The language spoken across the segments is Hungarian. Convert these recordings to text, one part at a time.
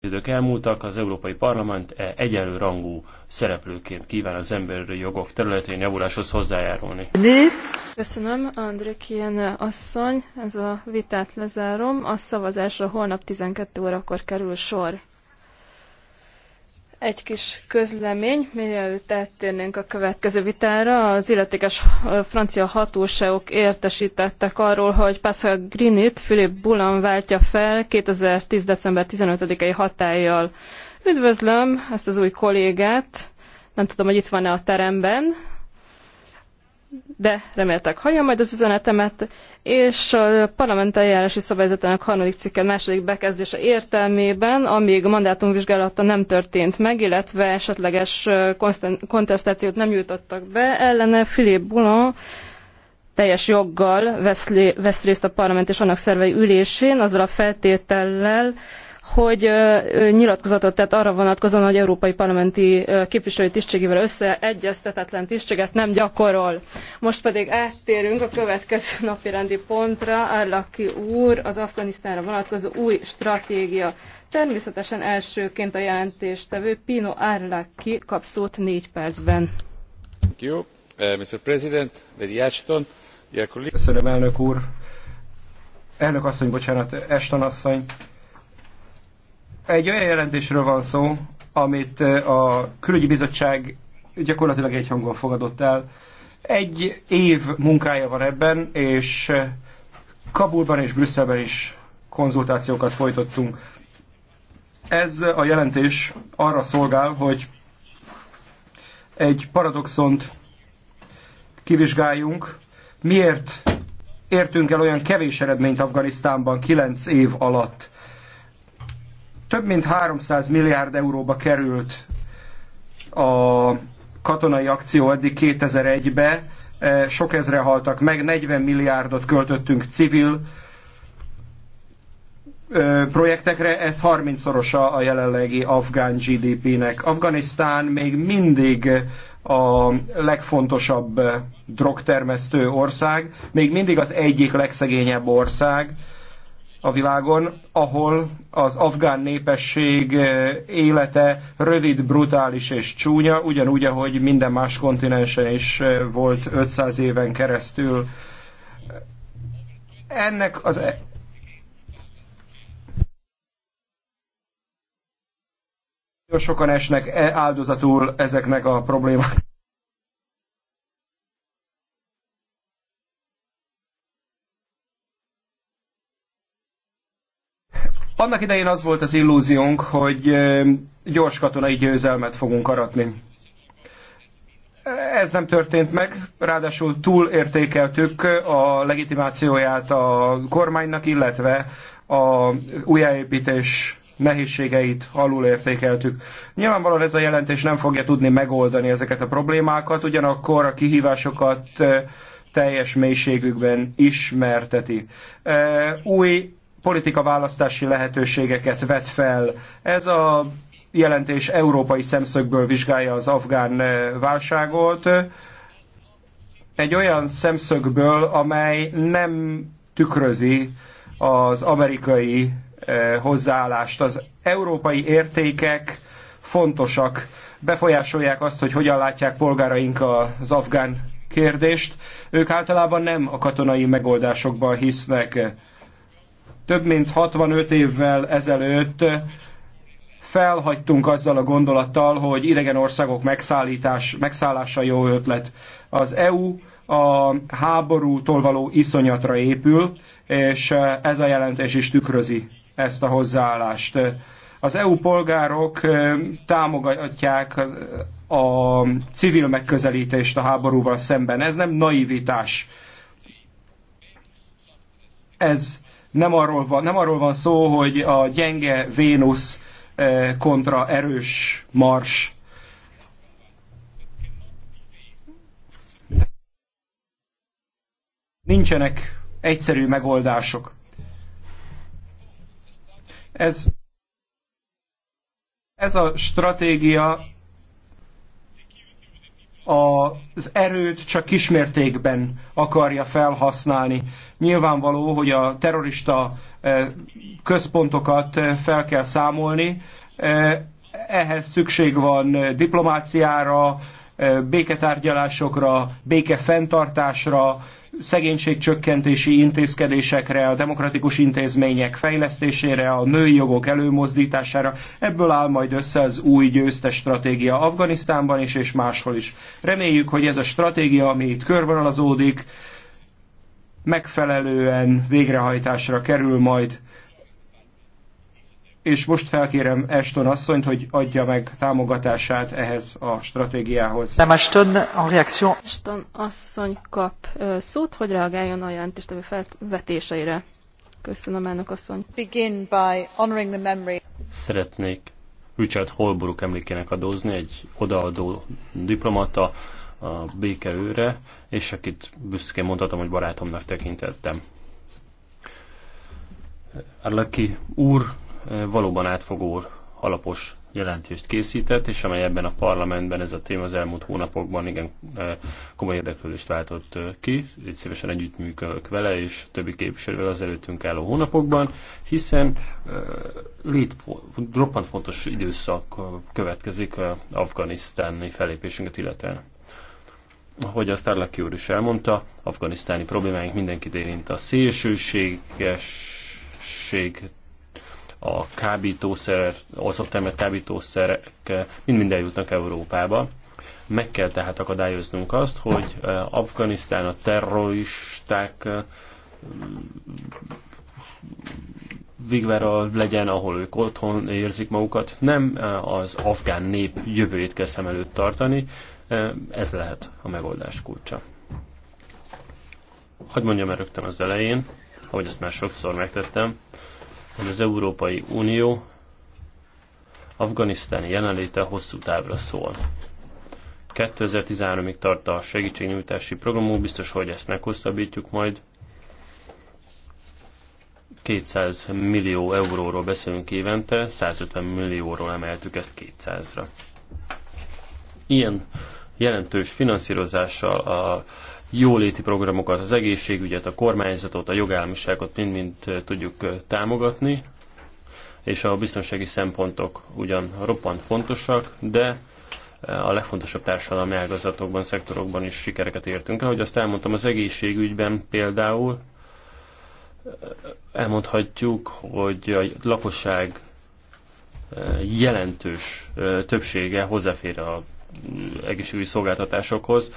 idők elmúltak, az Európai Parlament e egyenlő rangú szereplőként kíván az emberi jogok területén javuláshoz hozzájárulni. Köszönöm, André Kien asszony, ez a vitát lezárom. A szavazásra holnap 12 órakor kerül sor. Egy kis közlemény, mielőtt áttérnénk a következő vitára, az illetékes francia hatóságok értesítettek arról, hogy Pascal Grinit Philip Bulan váltja fel 2010. december 15-i hatállyal. Üdvözlöm ezt az új kollégát, nem tudom, hogy itt van-e a teremben, de reméltek hallja majd az üzenetemet, és a parlament eljárási szabályzatának harmadik cikke második bekezdése értelmében, amíg a mandátumvizsgálata nem történt meg, illetve esetleges kontestációt nem nyújtottak be, ellene Philippe Boulon teljes joggal vesz, vesz részt a parlament és annak szervei ülésén, azzal a feltétellel, hogy nyilatkozatot tett arra vonatkozóan, hogy európai parlamenti képviselői tisztségével összeegyeztetetlen tisztséget nem gyakorol. Most pedig áttérünk a következő napi rendi pontra. Arlaki úr, az Afganisztánra vonatkozó új stratégia. Természetesen elsőként a jelentéstevő Pino Arlaki kap szót négy percben. Thank you. Uh, Mr. President, Lady Ashton, dear colleagues. Köszönöm, elnök úr. Elnök asszony, bocsánat, Ashton asszony egy olyan jelentésről van szó, amit a külügyi bizottság gyakorlatilag egy hangon fogadott el. Egy év munkája van ebben, és Kabulban és Brüsszelben is konzultációkat folytottunk. Ez a jelentés arra szolgál, hogy egy paradoxont kivizsgáljunk, miért értünk el olyan kevés eredményt Afganisztánban 9 év alatt. Több mint 300 milliárd euróba került a katonai akció eddig 2001-be, e, sok ezre haltak meg, 40 milliárdot költöttünk civil e, projektekre, ez 30-szorosa a jelenlegi afgán GDP-nek. Afganisztán még mindig a legfontosabb drogtermesztő ország, még mindig az egyik legszegényebb ország, a világon, ahol az afgán népesség eh, élete rövid, brutális és csúnya, ugyanúgy, ahogy minden más kontinensen is eh, volt 500 éven keresztül. Ennek az e- sokan esnek e- áldozatul ezeknek a problémáknak. Annak idején az volt az illúziónk, hogy gyors katonai győzelmet fogunk aratni. Ez nem történt meg, ráadásul túlértékeltük a legitimációját a kormánynak, illetve a újjáépítés nehézségeit alulértékeltük. Nyilvánvalóan ez a jelentés nem fogja tudni megoldani ezeket a problémákat, ugyanakkor a kihívásokat teljes mélységükben ismerteti. Új politikaválasztási lehetőségeket vet fel. Ez a jelentés európai szemszögből vizsgálja az afgán eh, válságot, egy olyan szemszögből, amely nem tükrözi az amerikai eh, hozzáállást. Az európai értékek fontosak, befolyásolják azt, hogy hogyan látják polgáraink az afgán kérdést. Ők általában nem a katonai megoldásokban hisznek. Több mint 65 évvel ezelőtt felhagytunk azzal a gondolattal, hogy idegen országok megszállítás, megszállása jó ötlet. Az EU a háborútól való iszonyatra épül, és ez a jelentés is tükrözi ezt a hozzáállást. Az EU polgárok támogatják a civil megközelítést a háborúval szemben. Ez nem naivitás. Ez nem arról van, nem arról van szó, hogy a gyenge Vénusz eh, kontra erős Mars nincsenek egyszerű megoldások. Ez, ez a stratégia az erőt csak kismértékben akarja felhasználni. Nyilvánvaló, hogy a terrorista eh, központokat eh, fel kell számolni, eh, ehhez szükség van diplomáciára, béketárgyalásokra, békefenntartásra, szegénységcsökkentési intézkedésekre, a demokratikus intézmények fejlesztésére, a női jogok előmozdítására. Ebből áll majd össze az új győztes stratégia Afganisztánban is és máshol is. Reméljük, hogy ez a stratégia, ami itt körvonalazódik, megfelelően végrehajtásra kerül majd és most felkérem Ashton asszonyt, hogy adja meg támogatását ehhez a stratégiához. Nem Ashton, a reakció. Ashton asszony kap szót, hogy reagáljon a jelentéstevő felvetéseire. Köszönöm, elnök asszony. Begin by honoring the memory. Szeretnék Richard Holbrook emlékének adózni, egy odaadó diplomata a békeőre, és akit büszkén mondhatom, hogy barátomnak tekintettem. Arlaki úr valóban átfogó alapos jelentést készített, és amely ebben a parlamentben ez a téma az elmúlt hónapokban igen e, komoly érdeklődést váltott e, ki. Itt szívesen együttműködök vele és többi képviselővel az előttünk álló hónapokban, hiszen e, lét, roppant fontos időszak következik afganisztáni felépésünket illetően. Ahogy azt Arlaki úr is elmondta, afganisztáni problémáink mindenkit érint a szélsőséges a kábítószer, olszott termett kábítószerek mind-mind eljutnak Európába. Meg kell tehát akadályoznunk azt, hogy Afganisztán a terroristák vigvára legyen, ahol ők otthon érzik magukat. Nem az afgán nép jövőjét kell szem előtt tartani, ez lehet a megoldás kulcsa. Hogy mondjam el rögtön az elején, ahogy ezt már sokszor megtettem, hogy az Európai Unió afganisztáni jelenléte hosszú távra szól. 2013-ig tart a segítségnyújtási programunk, biztos, hogy ezt meghosszabbítjuk majd. 200 millió euróról beszélünk évente, 150 millióról emeltük ezt 200-ra. Ilyen jelentős finanszírozással a jóléti programokat, az egészségügyet, a kormányzatot, a jogállamiságot mind-mind tudjuk támogatni, és a biztonsági szempontok ugyan roppant fontosak, de a legfontosabb társadalmi ágazatokban, szektorokban is sikereket értünk el. Ahogy azt elmondtam, az egészségügyben például elmondhatjuk, hogy a lakosság jelentős többsége hozzáfér a egészségügyi szolgáltatásokhoz,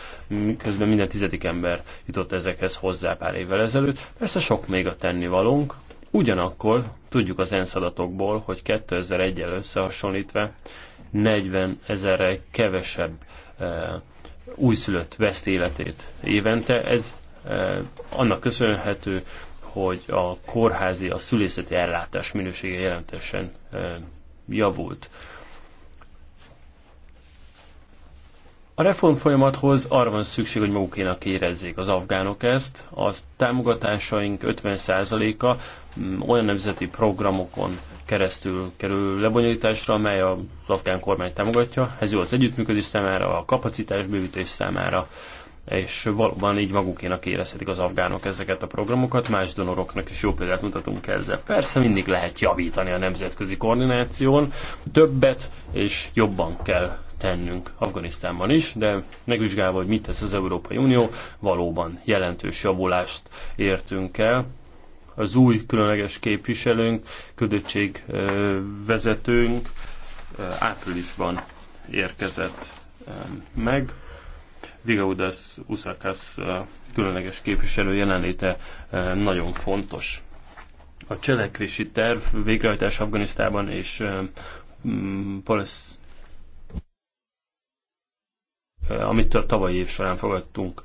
közben minden tizedik ember jutott ezekhez hozzá pár évvel ezelőtt. Persze sok még a tennivalónk, ugyanakkor tudjuk az ENSZ adatokból, hogy 2001-el összehasonlítva 40 ezerre kevesebb e, újszülött veszt életét évente. Ez e, annak köszönhető, hogy a kórházi, a szülészeti ellátás minősége jelentősen e, javult. A reform folyamathoz arra van szükség, hogy magukénak érezzék az afgánok ezt. A támogatásaink 50%-a mm, olyan nemzeti programokon keresztül kerül lebonyolításra, amely az afgán kormány támogatja. Ez jó az együttműködés számára, a kapacitásbővítés számára, és valóban így magukénak érezhetik az afgánok ezeket a programokat, más donoroknak is jó példát mutatunk ezzel. Persze mindig lehet javítani a nemzetközi koordináción, többet és jobban kell tennünk Afganisztánban is, de megvizsgálva, hogy mit tesz az Európai Unió, valóban jelentős javulást értünk el. Az új különleges képviselőnk, ködöttség vezetőnk áprilisban érkezett meg. Vigaudas Usakas különleges képviselő jelenléte nagyon fontos. A cselekvési terv végrehajtás Afganisztában és Palesz amit a tavalyi év során fogadtunk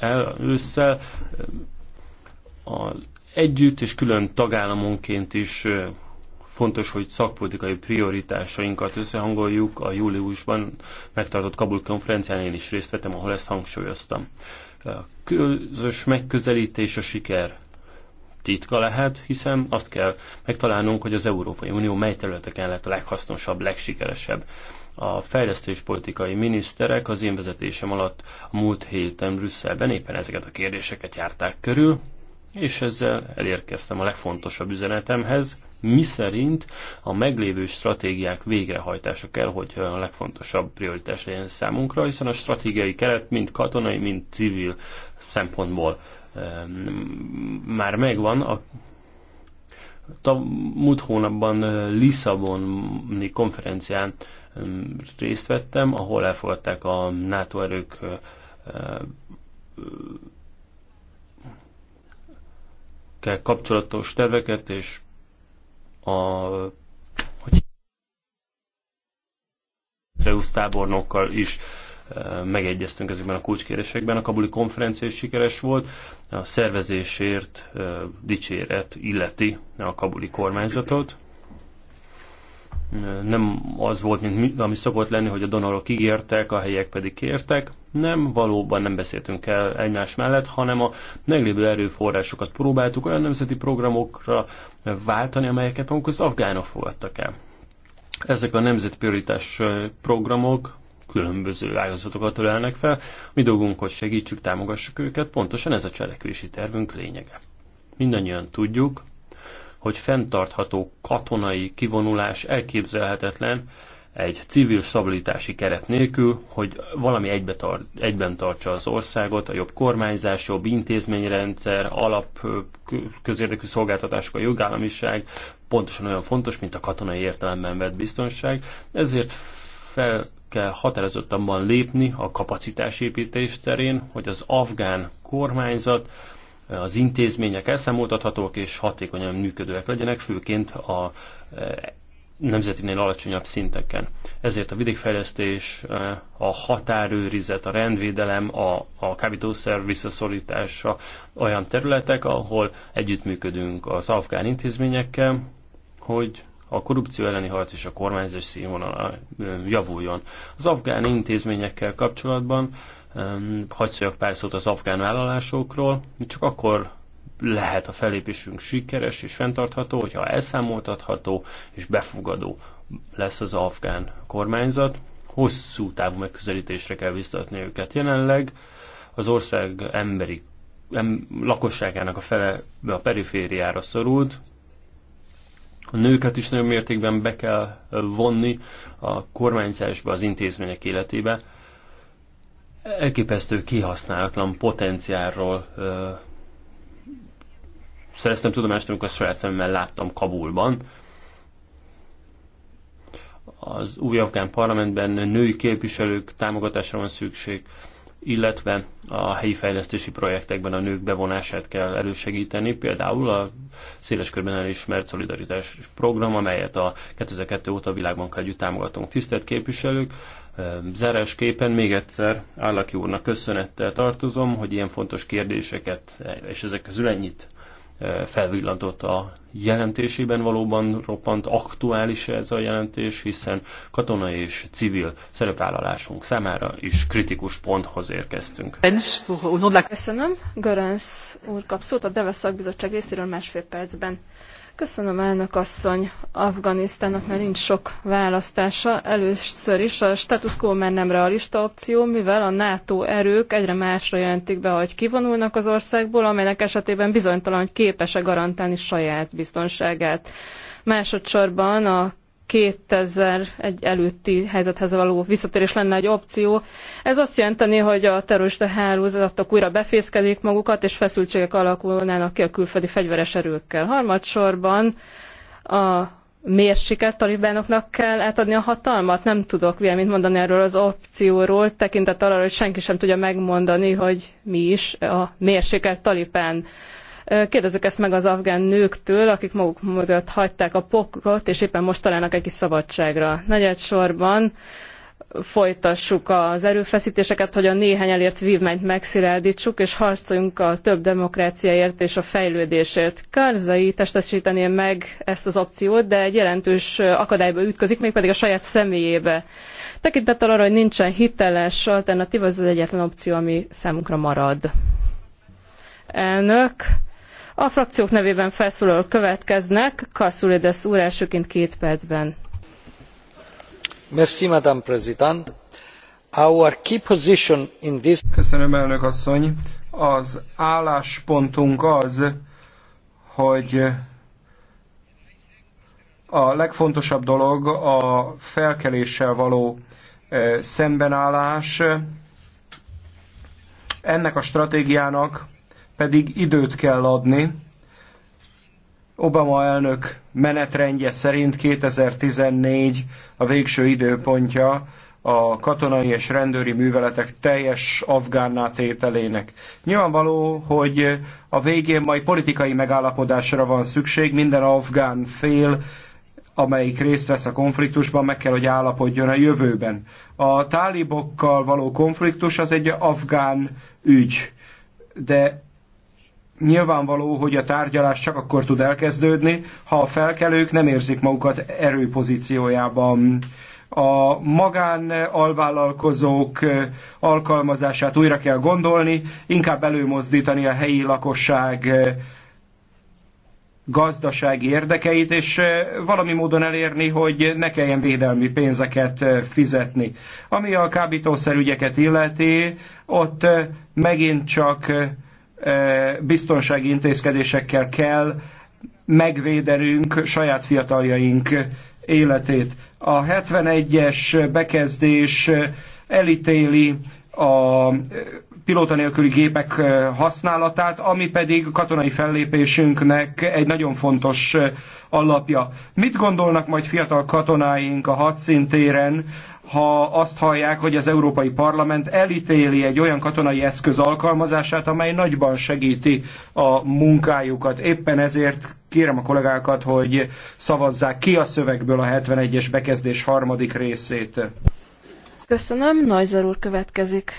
el ősszel, a együtt és külön tagállamonként is Fontos, hogy szakpolitikai prioritásainkat összehangoljuk. A júliusban megtartott Kabul konferencián én is részt vettem, ahol ezt hangsúlyoztam. A közös megközelítés a siker titka lehet, hiszen azt kell megtalálnunk, hogy az Európai Unió mely területeken lett a leghasznosabb, legsikeresebb. A fejlesztéspolitikai miniszterek az én vezetésem alatt a múlt héten Brüsszelben éppen ezeket a kérdéseket járták körül, és ezzel elérkeztem a legfontosabb üzenetemhez, mi szerint a meglévő stratégiák végrehajtása kell, hogy a legfontosabb prioritás legyen számunkra, hiszen a stratégiai keret mind katonai, mind civil szempontból ehm, már megvan, a a múlt hónapban Lisszaboni konferencián ehm, részt vettem, ahol elfogadták a NATO erők kapcsolatos terveket, és a hogy Reusz tábornokkal is e, megegyeztünk ezekben a kulcskérésekben. A kabuli konferencia is sikeres volt, a szervezésért e, dicséret illeti a kabuli kormányzatot nem az volt, mint ami szokott lenni, hogy a donorok ígértek, a helyek pedig kértek. Nem, valóban nem beszéltünk el egymás mellett, hanem a meglévő erőforrásokat próbáltuk olyan nemzeti programokra váltani, amelyeket magunk az afgánok fogadtak el. Ezek a nemzeti prioritás programok különböző ágazatokat ölelnek fel. Mi dolgunk, hogy segítsük, támogassuk őket, pontosan ez a cselekvési tervünk lényege. Mindannyian tudjuk, hogy fenntartható katonai kivonulás elképzelhetetlen egy civil stabilitási keret nélkül, hogy valami egybe tar- egyben tartsa az országot, a jobb kormányzás, jobb intézményrendszer, alap közérdekű szolgáltatások, a jogállamiság, pontosan olyan fontos, mint a katonai értelemben vett biztonság. Ezért fel kell határozottabban lépni a kapacitásépítés terén, hogy az afgán kormányzat az intézmények elszámoltathatók és hatékonyan működőek legyenek, főként a e, nemzetinél alacsonyabb szinteken. Ezért a vidékfejlesztés, e, a határőrizet, a rendvédelem, a, a kábítószer visszaszorítása olyan területek, ahol együttműködünk az afgán intézményekkel, hogy a korrupció elleni harc és a kormányzás színvonal e, javuljon. Az afgán intézményekkel kapcsolatban hagyd szóljak pár szót az afgán vállalásokról. Csak akkor lehet a felépésünk sikeres és fenntartható, hogyha elszámoltatható és befogadó lesz az afgán kormányzat. Hosszú távú megközelítésre kell biztatni őket. Jelenleg az ország emberi em, lakosságának a fele a perifériára szorult, a nőket is nagyon mértékben be kell vonni a kormányzásba, az intézmények életébe elképesztő kihasználatlan potenciálról ö, szereztem tudomást, amikor a saját szememmel láttam Kabulban. Az új afgán parlamentben női képviselők támogatásra van szükség, illetve a helyi fejlesztési projektekben a nők bevonását kell elősegíteni, például a széles körben elismert szolidaritás program, amelyet a 2002 óta a világban együtt támogatunk. Tisztelt képviselők, képen még egyszer Állaki úrnak köszönettel tartozom, hogy ilyen fontos kérdéseket, és ezek közül ennyit felvillantott a jelentésében valóban roppant aktuális ez a jelentés, hiszen katonai és civil szerepvállalásunk számára is kritikus ponthoz érkeztünk. Köszönöm. Görönsz úr kap szót a Deves szakbizottság részéről másfél percben. Köszönöm, elnök asszony. Afganisztánnak mert nincs sok választása. Először is a status quo már nem realista opció, mivel a NATO erők egyre másra jelentik be, hogy kivonulnak az országból, amelynek esetében bizonytalan, hogy képes-e garantálni saját biztonságát. Másodszorban a 2001 előtti helyzethez való visszatérés lenne egy opció. Ez azt jelenteni, hogy a terrorista hálózatok újra befészkedik magukat, és feszültségek alakulnának ki a külföldi fegyveres erőkkel. Harmadsorban a mérsiket talibánoknak kell átadni a hatalmat? Nem tudok véleményt mondani erről az opcióról, tekintet arra, hogy senki sem tudja megmondani, hogy mi is a mérsékelt talibán. Kérdezzük ezt meg az afgán nőktől, akik maguk mögött hagyták a pokrot, és éppen most találnak egy kis szabadságra. Negyed sorban folytassuk az erőfeszítéseket, hogy a néhány elért vívmányt megszilárdítsuk, és harcoljunk a több demokráciáért és a fejlődésért. Karzai testesítené meg ezt az opciót, de egy jelentős akadályba ütközik, mégpedig a saját személyébe. Tekintettel arra, hogy nincsen hiteles alternatíva, ez az egyetlen opció, ami számunkra marad. Elnök, a frakciók nevében felszólalók következnek. Kasszulides úr elsőként két percben. Merci, Madame President. Our key position in this... Köszönöm, elnök asszony. Az álláspontunk az, hogy a legfontosabb dolog a felkeléssel való e, szembenállás. Ennek a stratégiának pedig időt kell adni. Obama elnök menetrendje szerint 2014 a végső időpontja a katonai és rendőri műveletek teljes afgánná tételének. Nyilvánvaló, hogy a végén majd politikai megállapodásra van szükség, minden afgán fél amelyik részt vesz a konfliktusban, meg kell, hogy állapodjon a jövőben. A tálibokkal való konfliktus az egy afgán ügy, de nyilvánvaló, hogy a tárgyalás csak akkor tud elkezdődni, ha a felkelők nem érzik magukat erőpozíciójában a magán alvállalkozók alkalmazását újra kell gondolni, inkább előmozdítani a helyi lakosság gazdasági érdekeit, és eh, valami módon elérni, hogy ne kelljen védelmi pénzeket eh, fizetni. Ami a kábítószerügyeket illeti, ott eh, megint csak biztonsági intézkedésekkel kell megvédenünk saját fiataljaink életét. A 71-es bekezdés elítéli a pilóta nélküli gépek eh, használatát, ami pedig katonai fellépésünknek egy nagyon fontos eh, alapja. Mit gondolnak majd fiatal katonáink a hadszintéren, ha azt hallják, hogy az Európai Parlament elítéli egy olyan katonai eszköz alkalmazását, amely nagyban segíti a munkájukat. Éppen ezért kérem a kollégákat, hogy szavazzák ki a szövegből a 71-es bekezdés harmadik részét. Köszönöm, Neuser úr következik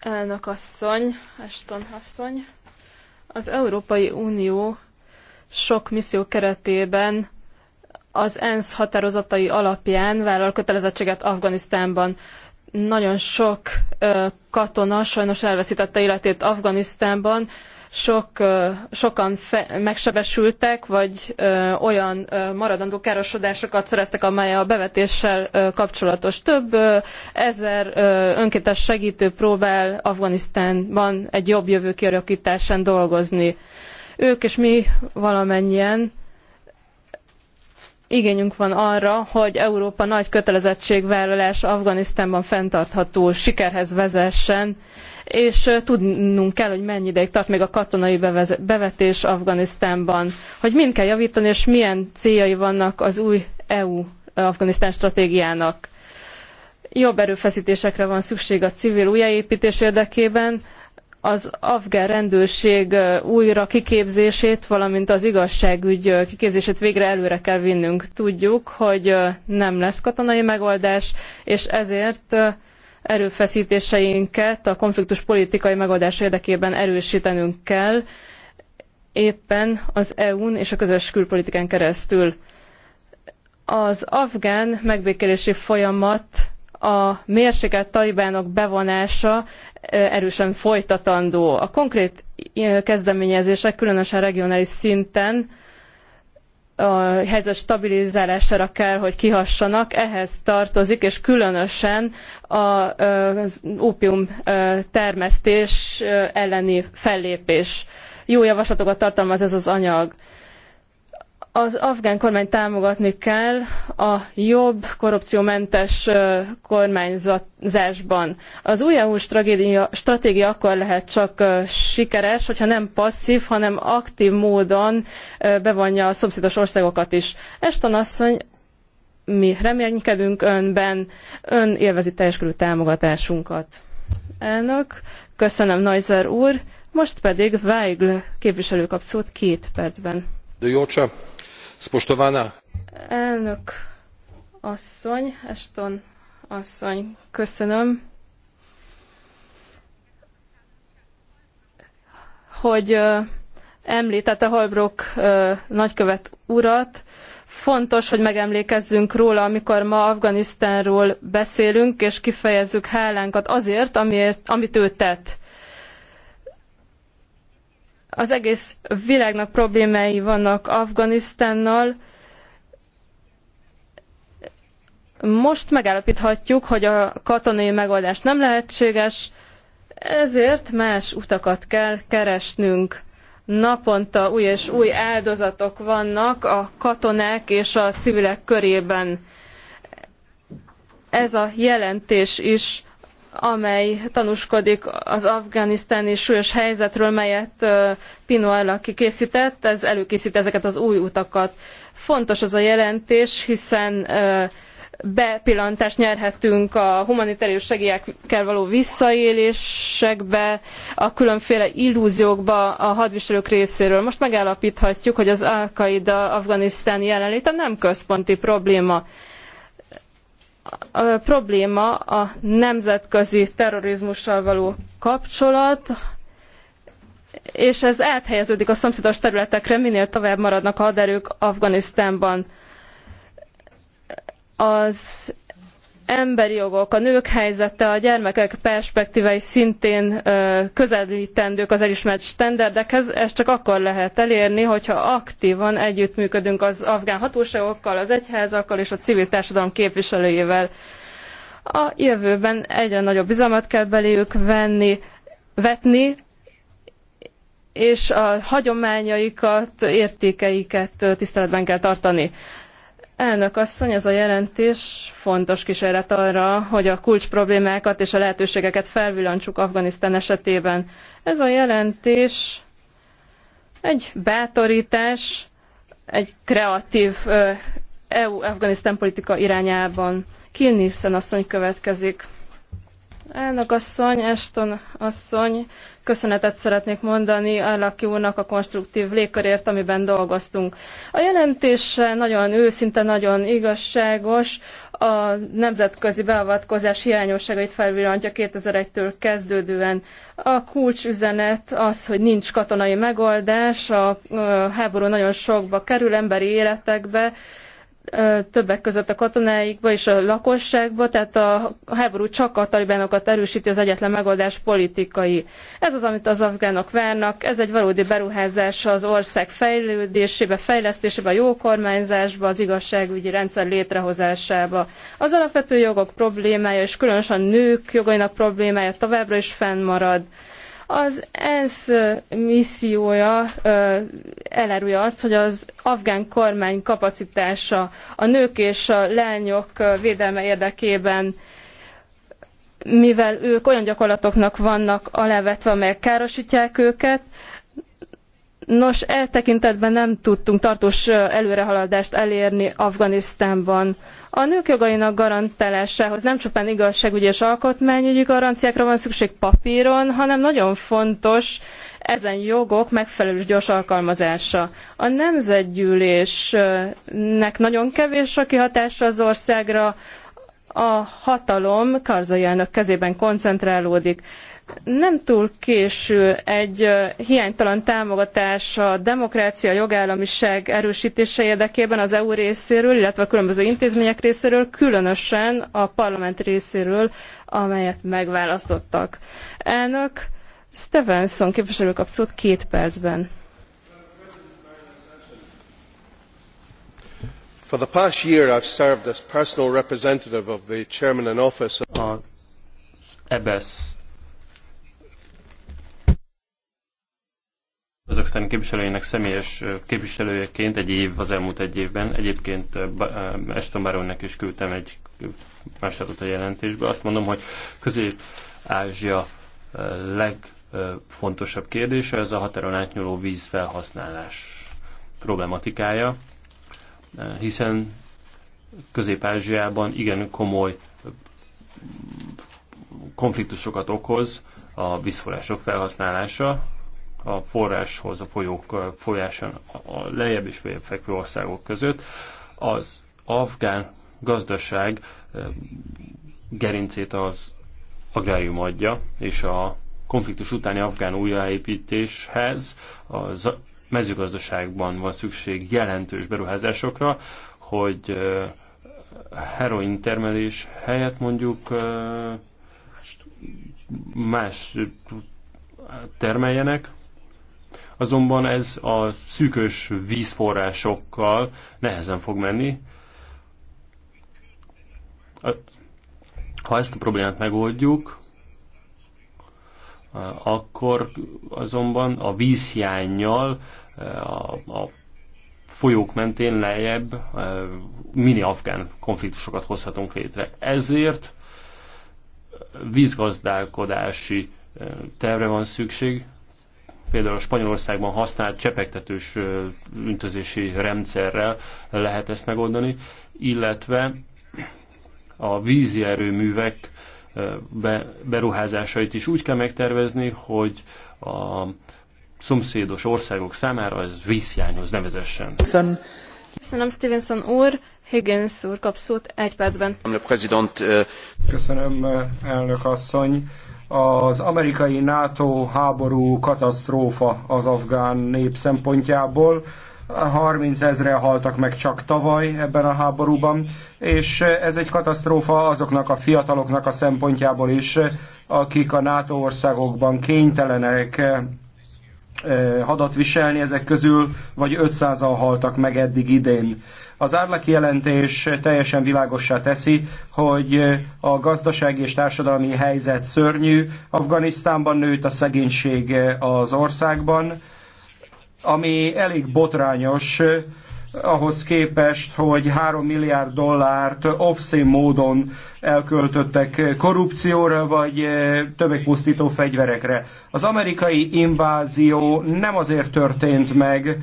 elnök asszony, Eston asszony. Az Európai Unió sok misszió keretében az ENSZ határozatai alapján vállal kötelezettséget Afganisztánban. Nagyon sok katona sajnos elveszítette életét Afganisztánban, sok, sokan fe, megsebesültek, vagy olyan maradandó károsodásokat szereztek, amely a bevetéssel kapcsolatos. Több ezer önkéntes segítő próbál Afganisztánban egy jobb jövő kialakításán dolgozni. Ők és mi valamennyien igényünk van arra, hogy Európa nagy kötelezettségvállalás Afganisztánban fenntartható sikerhez vezessen, és tudnunk kell, hogy mennyi ideig tart még a katonai bevetés Afganisztánban, hogy mind kell javítani, és milyen céljai vannak az új EU-Afganisztán stratégiának. Jobb erőfeszítésekre van szükség a civil újjáépítés érdekében, az afgán rendőrség újra kiképzését, valamint az igazságügy kiképzését végre előre kell vinnünk. Tudjuk, hogy nem lesz katonai megoldás, és ezért erőfeszítéseinket a konfliktus politikai megoldás érdekében erősítenünk kell, éppen az EU-n és a közös külpolitikán keresztül. Az afgán megbékélési folyamat a mérsékelt talibánok bevonása erősen folytatandó. A konkrét kezdeményezések, különösen regionális szinten, a helyzet stabilizálására kell, hogy kihassanak. Ehhez tartozik, és különösen az ópium termesztés elleni fellépés. Jó javaslatokat tartalmaz ez az anyag az afgán kormány támogatni kell a jobb, korrupciómentes kormányzásban. Az új EU stratégia, akkor lehet csak sikeres, hogyha nem passzív, hanem aktív módon bevonja a szomszédos országokat is. Eston asszony, mi reménykedünk önben, ön élvezi teljes körű támogatásunkat. Elnök, köszönöm Neuser úr, most pedig Weigl képviselő kap szót két percben. De Jócsa. Elnök asszony, Eston asszony, köszönöm. hogy említette Holbrook nagykövet urat. Fontos, hogy megemlékezzünk róla, amikor ma Afganisztánról beszélünk, és kifejezzük hálánkat azért, amiért, amit ő tett. Az egész világnak problémái vannak Afganisztánnal. Most megállapíthatjuk, hogy a katonai megoldás nem lehetséges, ezért más utakat kell keresnünk naponta új és új áldozatok vannak a katonák és a civilek körében. Ez a jelentés is amely tanúskodik az afganisztáni súlyos helyzetről, melyet Pino Elaki készített, ez előkészít ezeket az új utakat. Fontos az a jelentés, hiszen bepillantást nyerhetünk a humanitárius segélyekkel való visszaélésekbe, a különféle illúziókba a hadviselők részéről. Most megállapíthatjuk, hogy az Al-Qaida afganisztáni jelenléte nem központi probléma probléma a nemzetközi terrorizmussal való kapcsolat, és ez áthelyeződik a szomszédos területekre, minél tovább maradnak a haderők Afganisztánban. Az emberi jogok, a nők helyzete, a gyermekek perspektívai szintén közelítendők az elismert standardekhez. Ezt csak akkor lehet elérni, hogyha aktívan együttműködünk az afgán hatóságokkal, az egyházakkal és a civil társadalom képviselőivel. A jövőben egyre nagyobb bizalmat kell beléjük venni, vetni, és a hagyományaikat, értékeiket tiszteletben kell tartani. Elnök asszony, ez a jelentés fontos kísérlet arra, hogy a kulcs problémákat és a lehetőségeket felvillancsuk Afganisztán esetében. Ez a jelentés egy bátorítás, egy kreatív EU-Afganisztán politika irányában. Kill Nielsen asszony következik. Elnök asszony, Ashton asszony, köszönetet szeretnék mondani Alaki úrnak a konstruktív légkörért, amiben dolgoztunk. A jelentés nagyon őszinte, nagyon igazságos, a nemzetközi beavatkozás hiányosságait felvillantja 2001-től kezdődően. A kulcsüzenet az, hogy nincs katonai megoldás, a háború nagyon sokba kerül, emberi életekbe, többek között a katonáikba és a lakosságba, tehát a háború csak a talibánokat erősíti, az egyetlen megoldás politikai. Ez az, amit az afgánok várnak, ez egy valódi beruházás az ország fejlődésébe, fejlesztésébe, a jó kormányzásba, az igazságügyi rendszer létrehozásába. Az alapvető jogok problémája és különösen nők jogainak problémája továbbra is fennmarad. Az ENSZ missziója elárulja azt, hogy az afgán kormány kapacitása a nők és a lányok védelme érdekében mivel ők olyan gyakorlatoknak vannak alávetve, amelyek károsítják őket, Nos, e tekintetben nem tudtunk tartós előrehaladást elérni Afganisztánban. A nők jogainak garantálásához nem csupán igazságügyi és alkotmányügyi garanciákra van szükség papíron, hanem nagyon fontos ezen jogok megfelelős gyors alkalmazása. A nemzetgyűlésnek nagyon kevés a kihatása az országra, a hatalom Karzai elnök kezében koncentrálódik nem túl késő egy hiánytalan támogatás a demokrácia, a jogállamiság erősítése érdekében az EU részéről, illetve a különböző intézmények részéről, különösen a parlament részéről, amelyet megválasztottak. Elnök Stevenson képviselő kap szót két percben. For the past year I've served as personal representative of the chairman in office. EBESZ Kazaksztán képviselőjének személyes képviselőjeként egy év az elmúlt egy évben, egyébként Eston Baronnek is küldtem egy másodat a jelentésbe, azt mondom, hogy Közép-Ázsia legfontosabb kérdése ez a határon átnyúló vízfelhasználás problematikája, hiszen Közép-Ázsiában igen komoly konfliktusokat okoz a vízforrások felhasználása, a forráshoz, a folyók folyáson a lejjebb és feljebb fekvő országok között, az afgán gazdaság eh, gerincét az agrárium adja, és a konfliktus utáni afgán újjáépítéshez a mezőgazdaságban van szükség jelentős beruházásokra, hogy eh, heroin termelés helyett mondjuk eh, más termeljenek, Azonban ez a szűkös vízforrásokkal nehezen fog menni. Ha ezt a problémát megoldjuk, akkor azonban a vízhiányjal a, a folyók mentén lejjebb e, mini-afgán konfliktusokat hozhatunk létre. Ezért vízgazdálkodási e, tervre van szükség, például a Spanyolországban használt csepegtetős üntözési rendszerrel lehet ezt megoldani, illetve a vízi erőművek beruházásait is úgy kell megtervezni, hogy a szomszédos országok számára ez vízhiányhoz nevezessen. Köszönöm, Stevenson úr. Higgins úr kap szót egy percben. Köszönöm, elnök asszony az amerikai NATO háború katasztrófa az afgán nép szempontjából. 30 ezre haltak meg csak tavaly ebben a háborúban, és ez egy katasztrófa azoknak a fiataloknak a szempontjából is, akik a NATO országokban kénytelenek hadat viselni, ezek közül vagy 500-al haltak meg eddig idén. Az árlaki jelentés teljesen világossá teszi, hogy a gazdasági és társadalmi helyzet szörnyű. Afganisztánban nőtt a szegénység az országban, ami elég botrányos, ahhoz képest, hogy 3 milliárd dollárt obszén módon elköltöttek korrupcióra vagy eh, tömegpusztító fegyverekre. Az amerikai invázió nem azért történt meg,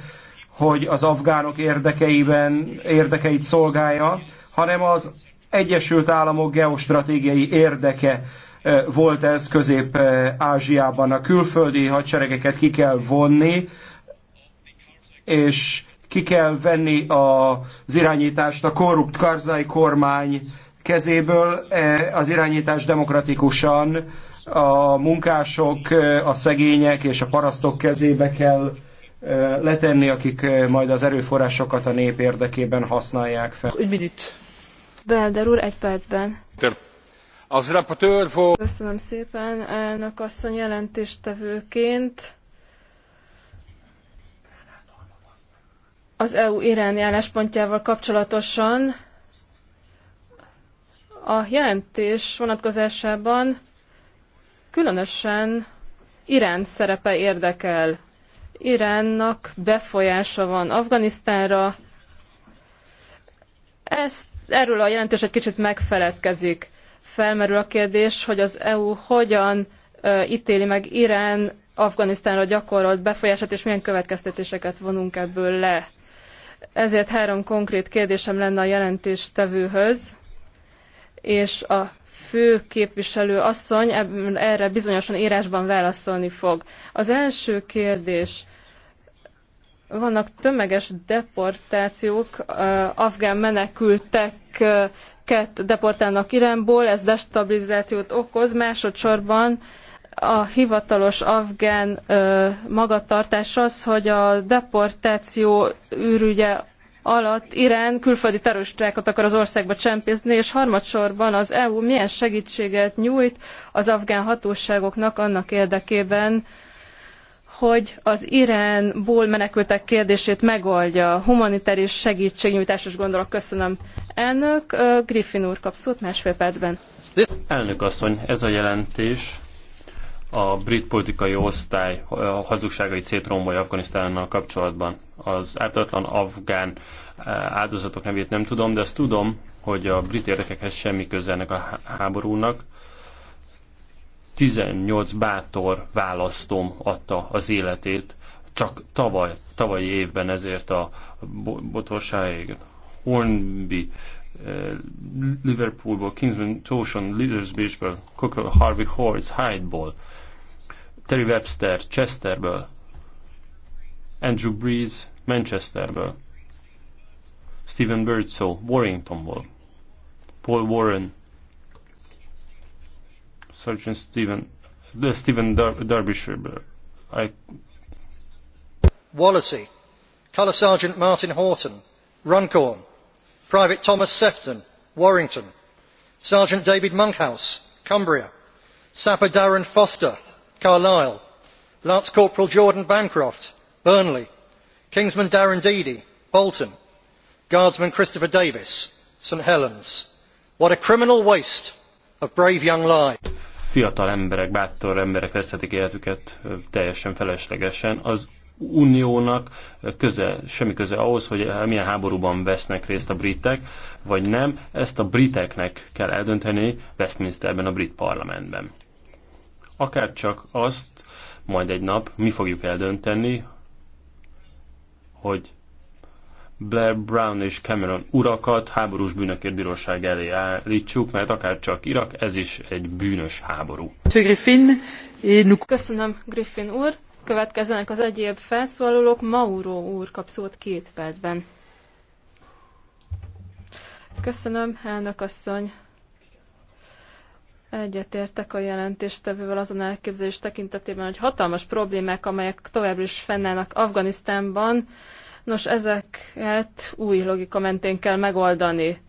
hogy az afgánok érdekeiben, érdekeit szolgálja, hanem az Egyesült Államok geostratégiai érdeke eh, volt ez Közép-Ázsiában. A külföldi hadseregeket ki kell vonni, és ki kell venni az irányítást a korrupt karzai kormány kezéből, e, az irányítás demokratikusan a munkások, e, a szegények és a parasztok kezébe kell e, letenni, akik majd az erőforrásokat a nép érdekében használják fel. Egy minut. Belder úr, egy percben. Az raportőr Köszönöm szépen, elnök asszony jelentéstevőként az EU iráni álláspontjával kapcsolatosan a jelentés vonatkozásában különösen Irán szerepe érdekel. Iránnak befolyása van Afganisztánra. Ezt, erről a jelentés egy kicsit megfeledkezik. Felmerül a kérdés, hogy az EU hogyan ö, ítéli meg Irán Afganisztánra gyakorolt befolyását, és milyen következtetéseket vonunk ebből le. Ezért három konkrét kérdésem lenne a jelentéstevőhöz, és a fő képviselő asszony erre bizonyosan írásban válaszolni fog. Az első kérdés, vannak tömeges deportációk, afgán menekülteket deportálnak Iránból, ez destabilizációt okoz, másodszorban a hivatalos afgán ö, magatartás az, hogy a deportáció űrügye alatt Irán külföldi terroristákat akar az országba csempészni, és harmadsorban az EU milyen segítséget nyújt az afgán hatóságoknak annak érdekében, hogy az Iránból menekültek kérdését megoldja. Humanitárius segítségnyújtásos gondolok. Köszönöm. Elnök Griffin úr kap szót másfél percben. Elnök asszony, ez a jelentés a brit politikai osztály hazugságai szétrombolja Afganisztánnal kapcsolatban. Az ártatlan afgán eh, áldozatok nevét nem tudom, de azt tudom, hogy a brit érdekekhez semmi köze ennek a háborúnak. 18 bátor választom adta az életét csak tavaly, tavalyi évben ezért a botorsáig. Hornby Liverpoolból, Kingsman, Toshan, Leaders Beachből, Cockrell, Harvey Horse, Hydeból, Terry Webster, Chesterből, Andrew Breeze, Manchesterből, Stephen Birdsall, Warringtonból, Paul Warren, Sergeant Stephen, the Stephen Dar- Derbyshire, I... Wallacey, Colour Sergeant Martin Horton, Runcorn, private thomas sefton warrington sergeant david monkhouse cumbria sapper darren foster carlisle lance corporal jordan bancroft burnley kingsman darren deedy bolton guardsman christopher davis st helens. what a criminal waste of brave young lives. fiatal emberek, bátor emberek veszhetik életüket teljesen feleslegesen. Az Uniónak köze, semmi köze ahhoz, hogy milyen háborúban vesznek részt a britek, vagy nem. Ezt a briteknek kell eldönteni Westminsterben, a brit parlamentben. Akár csak azt, majd egy nap mi fogjuk eldönteni, hogy Blair Brown és Cameron urakat háborús bűnökért bíróság elé állítsuk, mert akár csak Irak, ez is egy bűnös háború. Köszönöm, Griffin úr következzenek az egyéb felszólalók. Mauro úr kap szót két percben. Köszönöm, elnök asszony. Egyetértek a jelentéstevővel azon elképzelés tekintetében, hogy hatalmas problémák, amelyek továbbra is fennállnak Afganisztánban, nos, ezeket új logika mentén kell megoldani.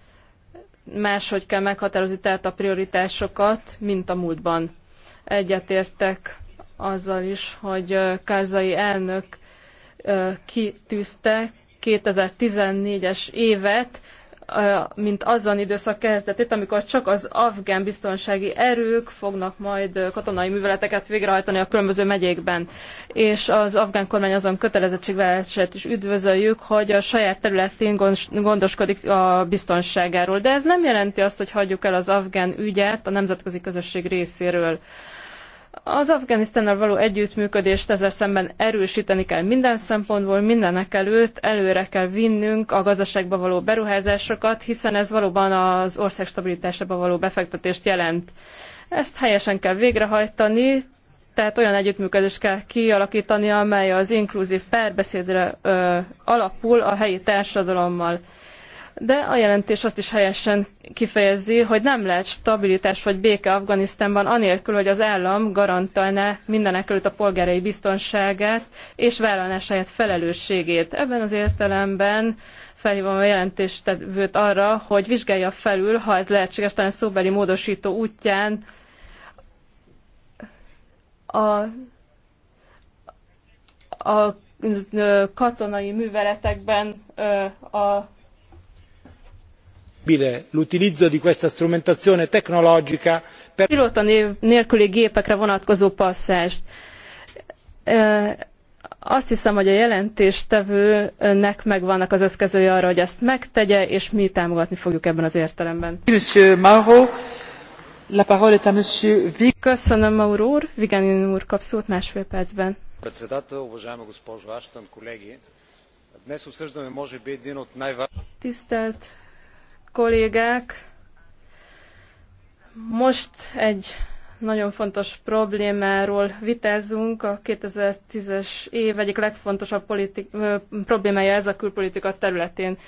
Máshogy kell meghatározni tehát a prioritásokat, mint a múltban. Egyetértek azzal is, hogy Kázai elnök kitűzte 2014-es évet, mint azon időszak kezdetét, amikor csak az afgán biztonsági erők fognak majd katonai műveleteket végrehajtani a különböző megyékben. És az afgán kormány azon kötelezettségvállalását is üdvözöljük, hogy a saját területén gondoskodik a biztonságáról. De ez nem jelenti azt, hogy hagyjuk el az afgán ügyet a nemzetközi közösség részéről. Az Afganisztánnal való együttműködést ezzel szemben erősíteni kell minden szempontból, mindenek előtt előre kell vinnünk a gazdaságba való beruházásokat, hiszen ez valóban az ország stabilitásába való befektetést jelent. Ezt helyesen kell végrehajtani, tehát olyan együttműködést kell kialakítani, amely az inkluzív párbeszédre ö, alapul a helyi társadalommal de a jelentés azt is helyesen kifejezi, hogy nem lehet stabilitás vagy béke Afganisztánban anélkül, hogy az állam garantálná mindenekelőtt a polgárai biztonságát és vállalná saját felelősségét. Ebben az értelemben felhívom a jelentéstevőt arra, hogy vizsgálja felül, ha ez lehetséges, talán szóbeli módosító útján a, a katonai műveletekben a ineludibile l'utilizzo di questa strumentazione tecnologica per. pilóta nélküli gépekre vonatkozó passzást. Azt hiszem, hogy a jelentéstevőnek megvannak az eszközei arra, hogy ezt megtegye, és mi támogatni fogjuk ebben az értelemben. Köszönöm, Mauro úr. Vigenin úr kap szót másfél percben. Tisztelt kollégák! Most egy nagyon fontos problémáról vitázunk. A 2010-es év egyik legfontosabb problémája ez a külpolitika területén.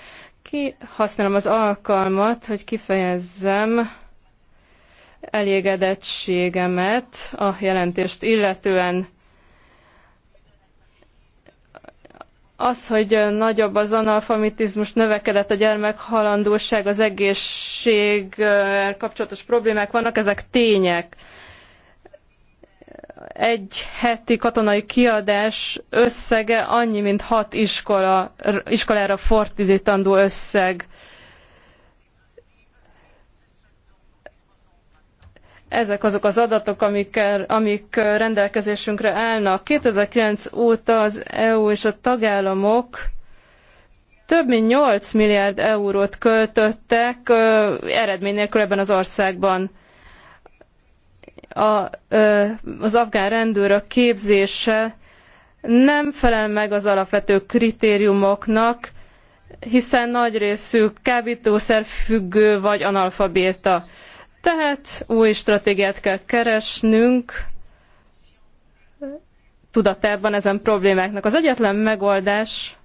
Ki használom az alkalmat, hogy kifejezzem elégedettségemet a jelentést illetően. az, hogy nagyobb az analfabetizmus, növekedett a gyermekhalandóság, az egészség kapcsolatos problémák vannak, ezek tények. Egy heti katonai kiadás összege annyi, mint hat iskola, iskolára fordítandó összeg. Ezek azok az adatok, amik, amik rendelkezésünkre állnak. 2009 óta az EU és a tagállamok több mint 8 milliárd eurót költöttek ö, eredmény nélkül ebben az országban. A, ö, az afgán rendőrök képzése nem felel meg az alapvető kritériumoknak, hiszen nagy részük függő vagy analfabéta. Tehát új stratégiát kell keresnünk, tudatában ezen problémáknak. Az egyetlen megoldás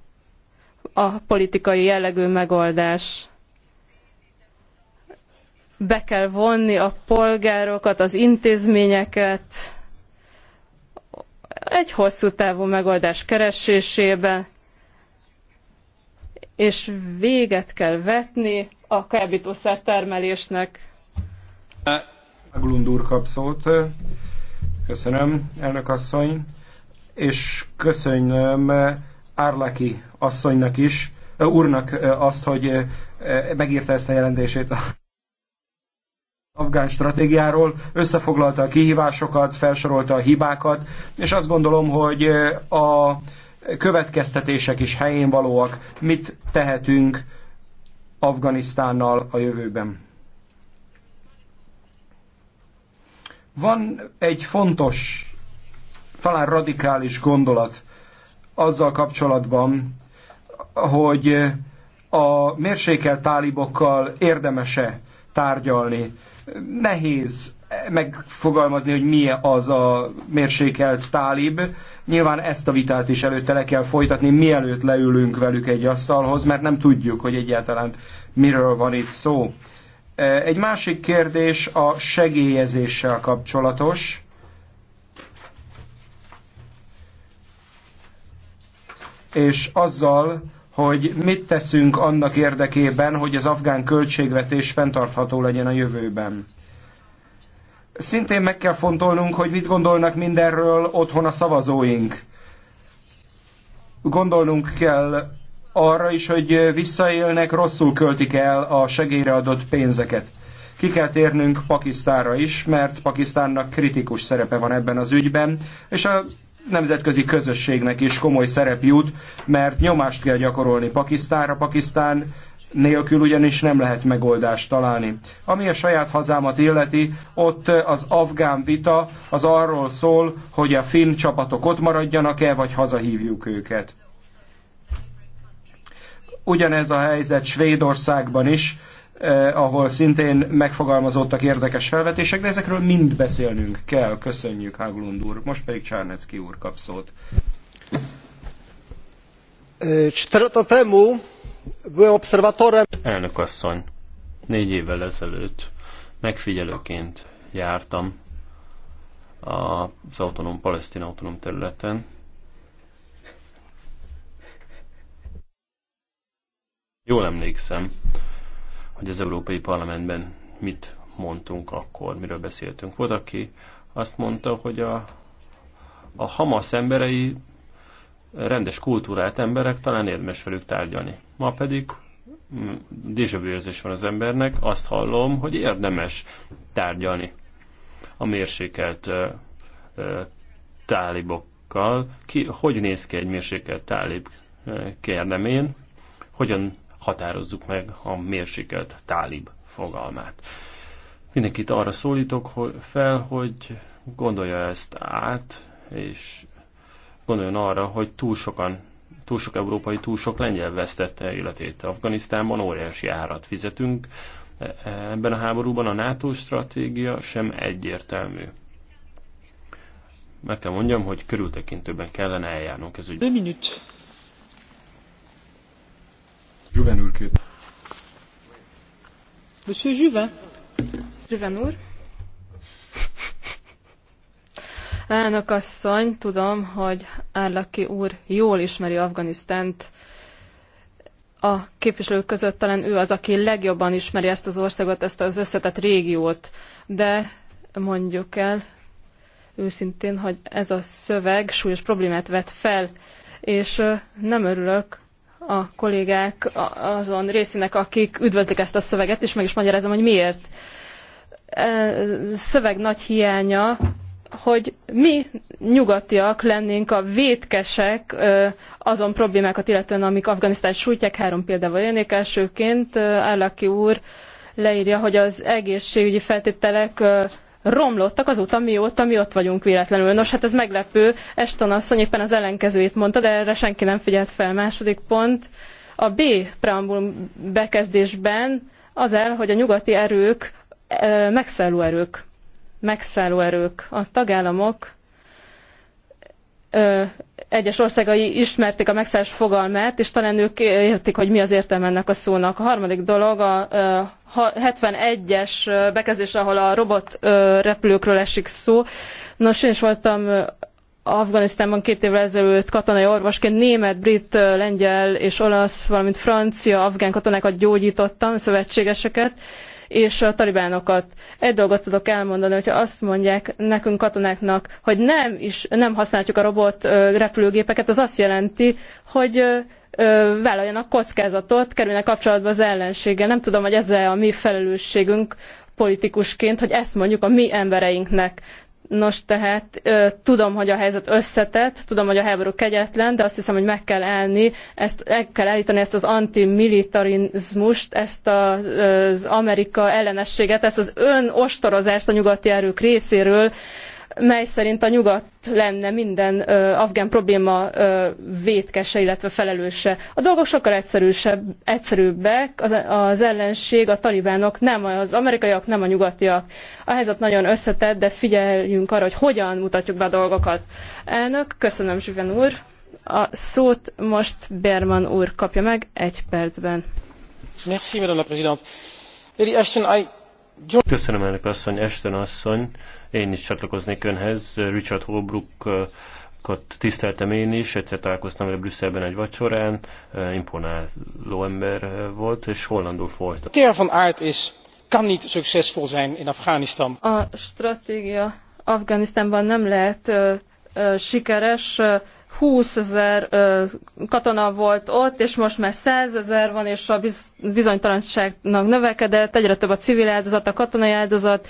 a politikai jellegű megoldás. Be kell vonni a polgárokat, az intézményeket egy hosszú távú megoldás keresésébe, és véget kell vetni a kábítószer termelésnek. Glundur kap szót. Köszönöm, elnök asszony. És köszönöm Árlaki asszonynak is, úrnak azt, hogy megírta ezt a jelentését afgán stratégiáról, összefoglalta a kihívásokat, felsorolta a hibákat, és azt gondolom, hogy a következtetések is helyén valóak. Mit tehetünk Afganisztánnal a jövőben? Van egy fontos, talán radikális gondolat azzal kapcsolatban, hogy a mérsékelt tálibokkal érdemese tárgyalni. Nehéz megfogalmazni, hogy mi az a mérsékelt tálib. Nyilván ezt a vitát is előtte le kell folytatni, mielőtt leülünk velük egy asztalhoz, mert nem tudjuk, hogy egyáltalán miről van itt szó. Eh, egy másik kérdés a segélyezéssel kapcsolatos. És azzal, hogy mit teszünk annak érdekében, hogy az afgán költségvetés fenntartható legyen a jövőben. Szintén meg kell fontolnunk, hogy mit gondolnak mindenről otthon a szavazóink. Gondolnunk kell arra is, hogy visszaélnek, rosszul költik el a segélyre adott pénzeket. Ki kell térnünk Pakisztánra is, mert Pakisztánnak kritikus szerepe van ebben az ügyben, és a nemzetközi közösségnek is komoly szerep jut, mert nyomást kell gyakorolni Pakisztánra. Pakisztán nélkül ugyanis nem lehet megoldást találni. Ami a saját hazámat illeti, ott az afgán vita az arról szól, hogy a finn csapatok ott maradjanak-e, vagy hazahívjuk őket. Ugyanez a helyzet Svédországban is, eh, ahol szintén megfogalmazódtak érdekes felvetések, de ezekről mind beszélnünk kell. Köszönjük, Háglund úr. Most pedig Csárnecki úr kap szót. Elnök asszony, négy évvel ezelőtt megfigyelőként jártam az autonóm palesztin autonóm területen, Jól emlékszem, hogy az Európai Parlamentben mit mondtunk akkor, miről beszéltünk. Volt, aki azt mondta, hogy a, a Hamas emberei rendes kultúrát emberek, talán érdemes velük tárgyalni. Ma pedig mm, dézsavű érzés van az embernek, azt hallom, hogy érdemes tárgyalni a mérsékelt ö, ö, tálibokkal. Ki, hogy néz ki egy mérsékelt tálib, kérdem hogyan határozzuk meg a mérsékelt tálib fogalmát. Mindenkit arra szólítok hogy fel, hogy gondolja ezt át, és gondoljon arra, hogy túl sokan túl sok európai, túl sok lengyel vesztette életét Afganisztánban, óriási árat fizetünk. E, e, ebben a háborúban a NATO stratégia sem egyértelmű. Meg kell mondjam, hogy körültekintőben kellene eljárnunk ez ügyben. Juven úr két. Monsieur Juven. Juven úr. Elnök asszony, tudom, hogy Árlaki úr jól ismeri Afganisztánt. A képviselők között talán ő az, aki legjobban ismeri ezt az országot, ezt az összetett régiót. De mondjuk el őszintén, hogy ez a szöveg súlyos problémát vet fel, és nem örülök a kollégák azon részének, akik üdvözlik ezt a szöveget, és meg is magyarázom, hogy miért. E, szöveg nagy hiánya, hogy mi nyugatiak lennénk a vétkesek azon problémákat illetően, amik Afganisztán sújtják. Három példával élnék. Elsőként Állaki úr leírja, hogy az egészségügyi feltételek romlottak azóta, mióta mi ott vagyunk véletlenül. Nos, hát ez meglepő. Eston asszony éppen az ellenkezőjét mondta, de erre senki nem figyelt fel. Második pont. A B preambulum bekezdésben az el, hogy a nyugati erők megszálló erők. Megszálló erők. A tagállamok egyes országai ismerték a megszállás fogalmát, és talán ők értik, hogy mi az értelme ennek a szónak. A harmadik dolog a, a 71-es bekezdés, ahol a robot repülőkről esik szó. Nos, én is voltam Afganisztánban két évvel ezelőtt katonai orvosként német, brit, lengyel és olasz, valamint francia, afgán katonákat gyógyítottam, szövetségeseket és a talibánokat. Egy dolgot tudok elmondani, hogyha azt mondják nekünk katonáknak, hogy nem is nem használjuk a robot repülőgépeket, az azt jelenti, hogy vállaljanak kockázatot, kerüljenek kapcsolatba az ellenséggel. Nem tudom, hogy ez -e a mi felelősségünk politikusként, hogy ezt mondjuk a mi embereinknek. Nos, tehát ö, tudom, hogy a helyzet összetett, tudom, hogy a háború kegyetlen, de azt hiszem, hogy meg kell állni, ezt meg kell állítani, ezt az antimilitarizmust, ezt a, az Amerika ellenességet, ezt az önostorozást a nyugati erők részéről, mely szerint a nyugat lenne minden ö, afgán probléma ö, vétkese, illetve felelőse. A dolgok sokkal egyszerűsebb, egyszerűbbek, az, az ellenség, a talibánok, nem az amerikaiak, nem a nyugatiak. A helyzet nagyon összetett, de figyeljünk arra, hogy hogyan mutatjuk be a dolgokat. Elnök, köszönöm Zsiven úr. A szót most Berman úr kapja meg egy percben. Merci, Madame la Présidente. Lady Ashton, I Köszönöm elnök asszony, Esten asszony. Én is csatlakoznék önhez. Richard Holbrookot tiszteltem én is, egyszer találkoztam vele Brüsszelben egy vacsorán, imponáló ember volt, és hollandul folytat. Ter van Aert is, kan niet succesvol zijn in Afghanistan. A stratégia Afganisztánban nem lehet uh, uh, sikeres, uh, 20 ezer katona volt ott, és most már 100 ezer van, és a bizonytalanság bizonytalanságnak növekedett, egyre több a civil áldozat, a katonai áldozat,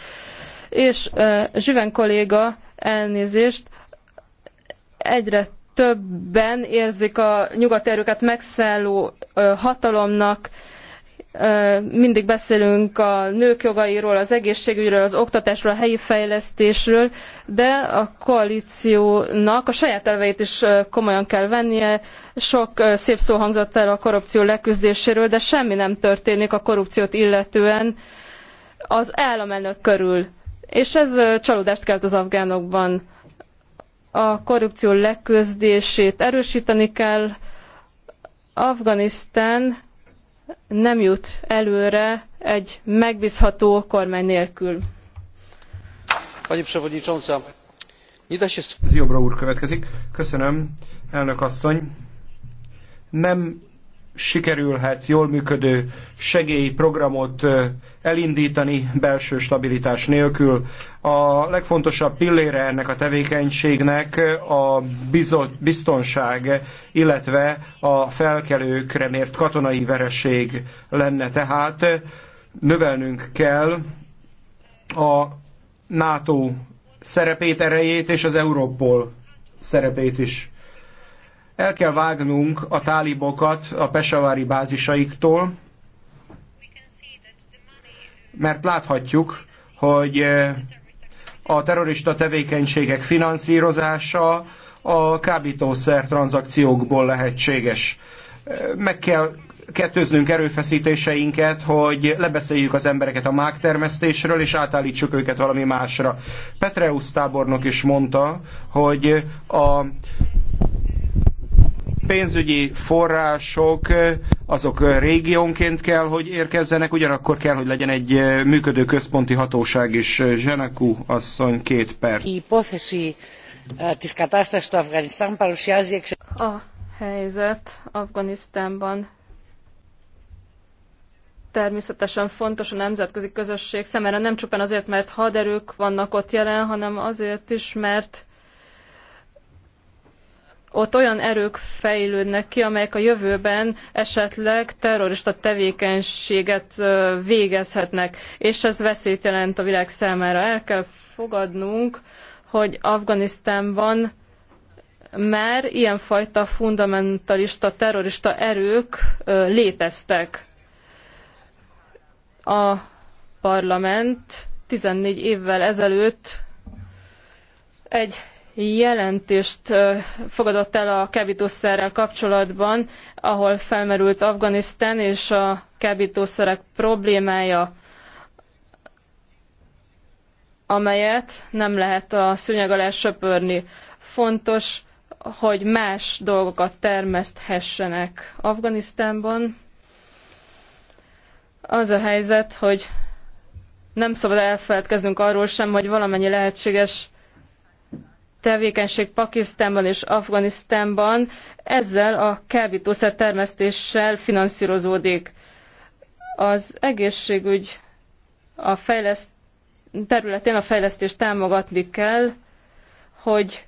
és ö, Zsiven kolléga elnézést egyre többen érzik a nyugati erőket megszálló ö, hatalomnak, mindig beszélünk a nők jogairól, az egészségügyről, az oktatásról, a helyi fejlesztésről, de a koalíciónak a saját elveit is komolyan kell vennie. Sok szép szó hangzott el a korrupció leküzdéséről, de semmi nem történik a korrupciót illetően az államelnök körül. És ez csalódást kelt az afgánokban. A korrupció leküzdését erősíteni kell. Afganisztán nem jut előre egy megbízható kormány nélkül. Pani Przewodnicząca, nie da się... Ziobro úr következik. Köszönöm, elnök asszony. Nem sikerülhet jól működő segélyprogramot elindítani belső stabilitás nélkül. A legfontosabb pillére ennek a tevékenységnek a biztonság, illetve a felkelőkre mért katonai vereség lenne. Tehát növelnünk kell a NATO szerepét, erejét és az Európol szerepét is. El kell vágnunk a tálibokat a pesavári bázisaiktól, mert láthatjuk, hogy eh, a terrorista tevékenységek finanszírozása a kábítószer tranzakciókból lehetséges. Eh, meg kell kettőznünk erőfeszítéseinket, hogy lebeszéljük az embereket a mágtermesztésről, és átállítsuk őket valami másra. Petreus tábornok is mondta, hogy a pénzügyi források azok régiónként kell, hogy érkezzenek, ugyanakkor kell, hogy legyen egy működő központi hatóság is. Zsenekú asszony két perc. A helyzet Afganisztánban természetesen fontos a nemzetközi közösség szemére nem csupán azért, mert haderők vannak ott jelen, hanem azért is, mert ott olyan erők fejlődnek ki, amelyek a jövőben esetleg terrorista tevékenységet végezhetnek, és ez veszélyt jelent a világ számára. El kell fogadnunk, hogy Afganisztánban már ilyenfajta fundamentalista, terrorista erők léteztek. A parlament 14 évvel ezelőtt egy jelentést fogadott el a kábítószerrel kapcsolatban, ahol felmerült Afganisztán és a kábítószerek problémája, amelyet nem lehet a szőnyeg alá söpörni. Fontos, hogy más dolgokat termeszthessenek Afganisztánban. Az a helyzet, hogy nem szabad elfeledkeznünk arról sem, hogy valamennyi lehetséges tevékenység Pakisztánban és Afganisztánban ezzel a kábítószer termesztéssel finanszírozódik. Az egészségügy a fejleszt, területén a fejlesztést támogatni kell, hogy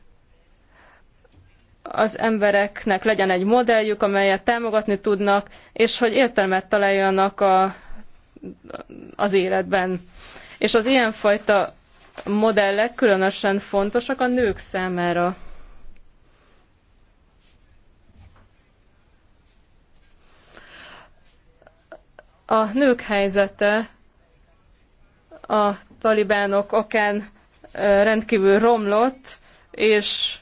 az embereknek legyen egy modelljük, amelyet támogatni tudnak, és hogy értelmet találjanak a, az életben. És az ilyenfajta modellek különösen fontosak a nők számára. A nők helyzete a talibánok okán rendkívül romlott, és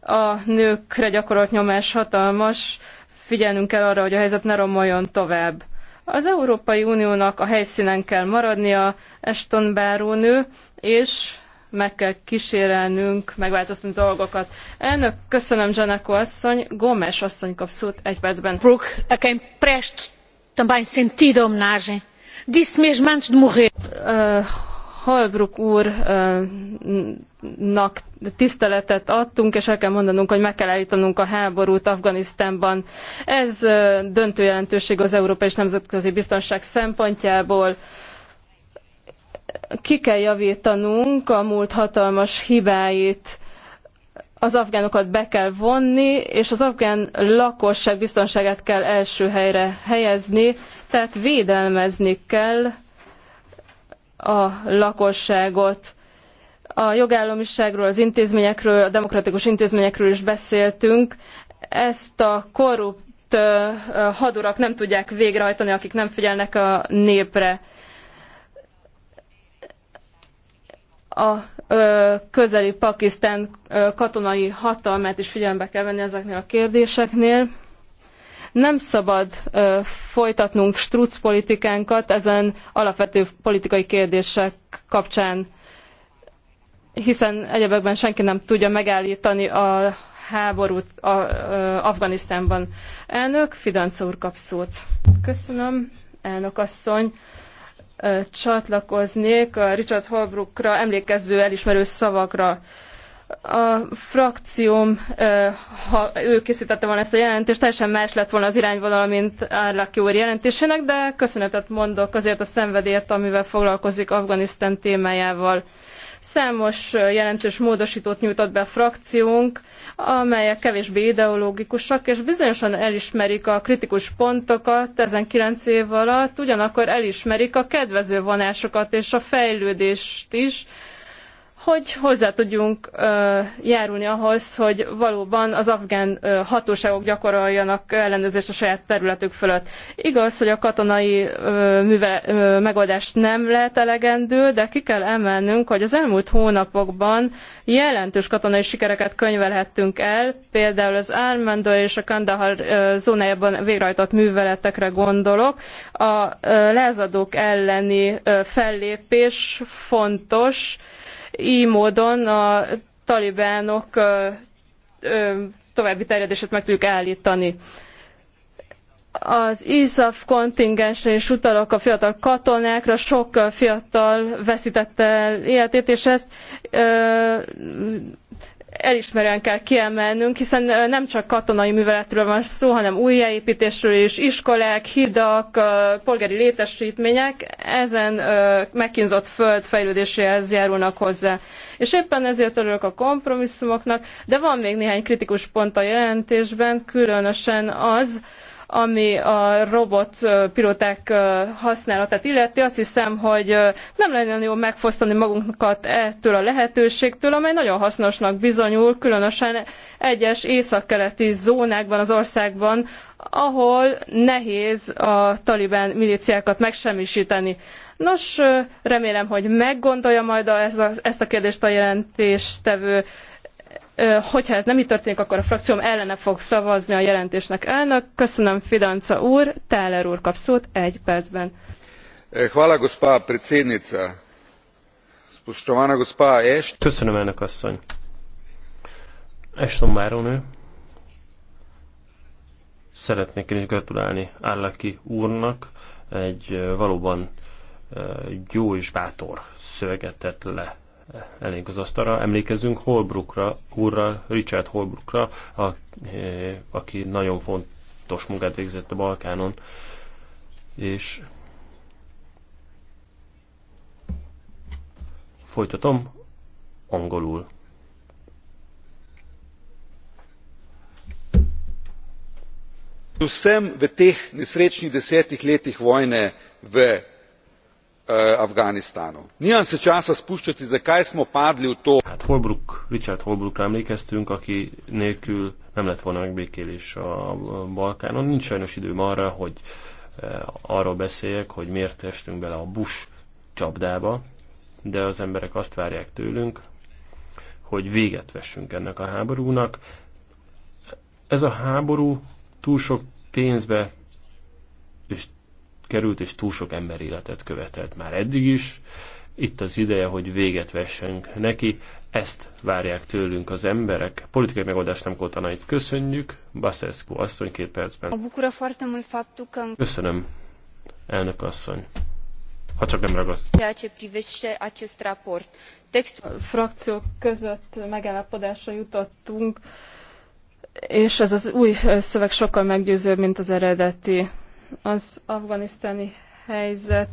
a nőkre gyakorolt nyomás hatalmas, figyelnünk kell arra, hogy a helyzet ne romoljon tovább. Az Európai Uniónak a helyszínen kell maradnia, Eston bárónő, és meg kell kísérelnünk megváltoztatni dolgokat. Elnök, köszönöm Janako asszony, Gomes asszony kap szót egy percben. Brooke, a quem presto também sentido homenagem. Disse mesmo antes de morrer. Uh, úrnak uh, tiszteletet adtunk, és el kell mondanunk, hogy meg kell állítanunk a háborút Afganisztánban. Ez uh, döntő jelentőség az európai és nemzetközi biztonság szempontjából ki kell javítanunk a múlt hatalmas hibáit, az afgánokat be kell vonni, és az afgán lakosság biztonságát kell első helyre helyezni, tehát védelmezni kell a lakosságot. A jogállamiságról, az intézményekről, a demokratikus intézményekről is beszéltünk. Ezt a korrupt hadurak nem tudják végrehajtani, akik nem figyelnek a népre a közeli Pakisztán katonai hatalmát is figyelembe kell venni ezeknél a kérdéseknél. Nem szabad folytatnunk struc politikánkat ezen alapvető politikai kérdések kapcsán, hiszen egyebekben senki nem tudja megállítani a háborút a, a, Afganisztánban. Elnök, Fidanca úr kap szót. Köszönöm, elnök asszony csatlakoznék a Richard Holbrookra emlékező elismerő szavakra. A frakcióm, ha ő készítette volna ezt a jelentést, teljesen más lett volna az irányvonal, mint Árlaki úr jelentésének, de köszönetet mondok azért a szenvedért, amivel foglalkozik Afganisztán témájával. Számos jelentős módosítót nyújtott be a frakciónk, amelyek kevésbé ideológikusak, és bizonyosan elismerik a kritikus pontokat ezen kilenc év alatt, ugyanakkor elismerik a kedvező vonásokat és a fejlődést is, hogy hozzá tudjunk járulni ahhoz, hogy valóban az afgán hatóságok gyakoroljanak ellenőrzést a saját területük fölött. Igaz, hogy a katonai műve, megoldás nem lehet elegendő, de ki kell emelnünk, hogy az elmúlt hónapokban jelentős katonai sikereket könyvelhettünk el, például az Álmendő és a Kandahar zónájában végrehajtott műveletekre gondolok. A lázadók elleni fellépés fontos, így módon a talibánok további terjedését meg tudjuk állítani. Az ISAF kontingensre is utalok a fiatal katonákra, sok fiatal veszítette el életét, és ezt elismerően kell kiemelnünk, hiszen nem csak katonai műveletről van szó, hanem újjáépítésről is, iskolák, hidak, polgári létesítmények, ezen megkínzott föld fejlődéséhez járulnak hozzá. És éppen ezért örülök a kompromisszumoknak, de van még néhány kritikus pont a jelentésben, különösen az, ami a robotpilóták használatát illeti. Azt hiszem, hogy nem lenne jó megfosztani magunkat ettől a lehetőségtől, amely nagyon hasznosnak bizonyul, különösen egyes északkeleti zónákban az országban, ahol nehéz a talibán milíciákat megsemmisíteni. Nos, remélem, hogy meggondolja majd ezt a kérdést a jelentéstevő Hogyha ez nem így történik, akkor a frakcióm ellene fog szavazni a jelentésnek elnök. Köszönöm Fidanca úr, Táler úr kap szót egy percben. Hvala, gospa predsednica. Spoštovana gospa Est. Köszönöm, elnök asszony. Eston Máronő. Szeretnék én is gratulálni Állaki úrnak. Egy valóban jó és bátor szöveget tett le elénk az asztalra. Emlékezzünk Holbrookra, úrra, Richard Holbrookra, a, eh, aki nagyon fontos munkát végzett a Balkánon, és folytatom angolul. Vsem v teh nesrečnih desetih letih vojne v afganistanu. Nijem se časa spuščati, zakaj smo padli v to. Hát Holbrook, Richard Holbrookra emlékeztünk, aki nélkül nem lett volna megbékélés a Balkánon. Nincs sajnos időm arra, hogy eh, arról beszéljek, hogy miért estünk bele a Bush csapdába, de az emberek azt várják tőlünk, hogy véget vessünk ennek a háborúnak. Ez a háború túl sok pénzbe és került, és túl sok ember életet követett már eddig is. Itt az ideje, hogy véget vessünk neki. Ezt várják tőlünk az emberek. Politikai megoldást nem kótanait. Köszönjük. Baszeszkó asszony két percben. Köszönöm, elnök asszony ha csak nem ragaszt. Ceea ce privește acest raport. Textul... Frakciók között megállapodásra jutottunk, és ez az új szöveg sokkal meggyőzőbb, mint az eredeti. Az afganisztáni helyzet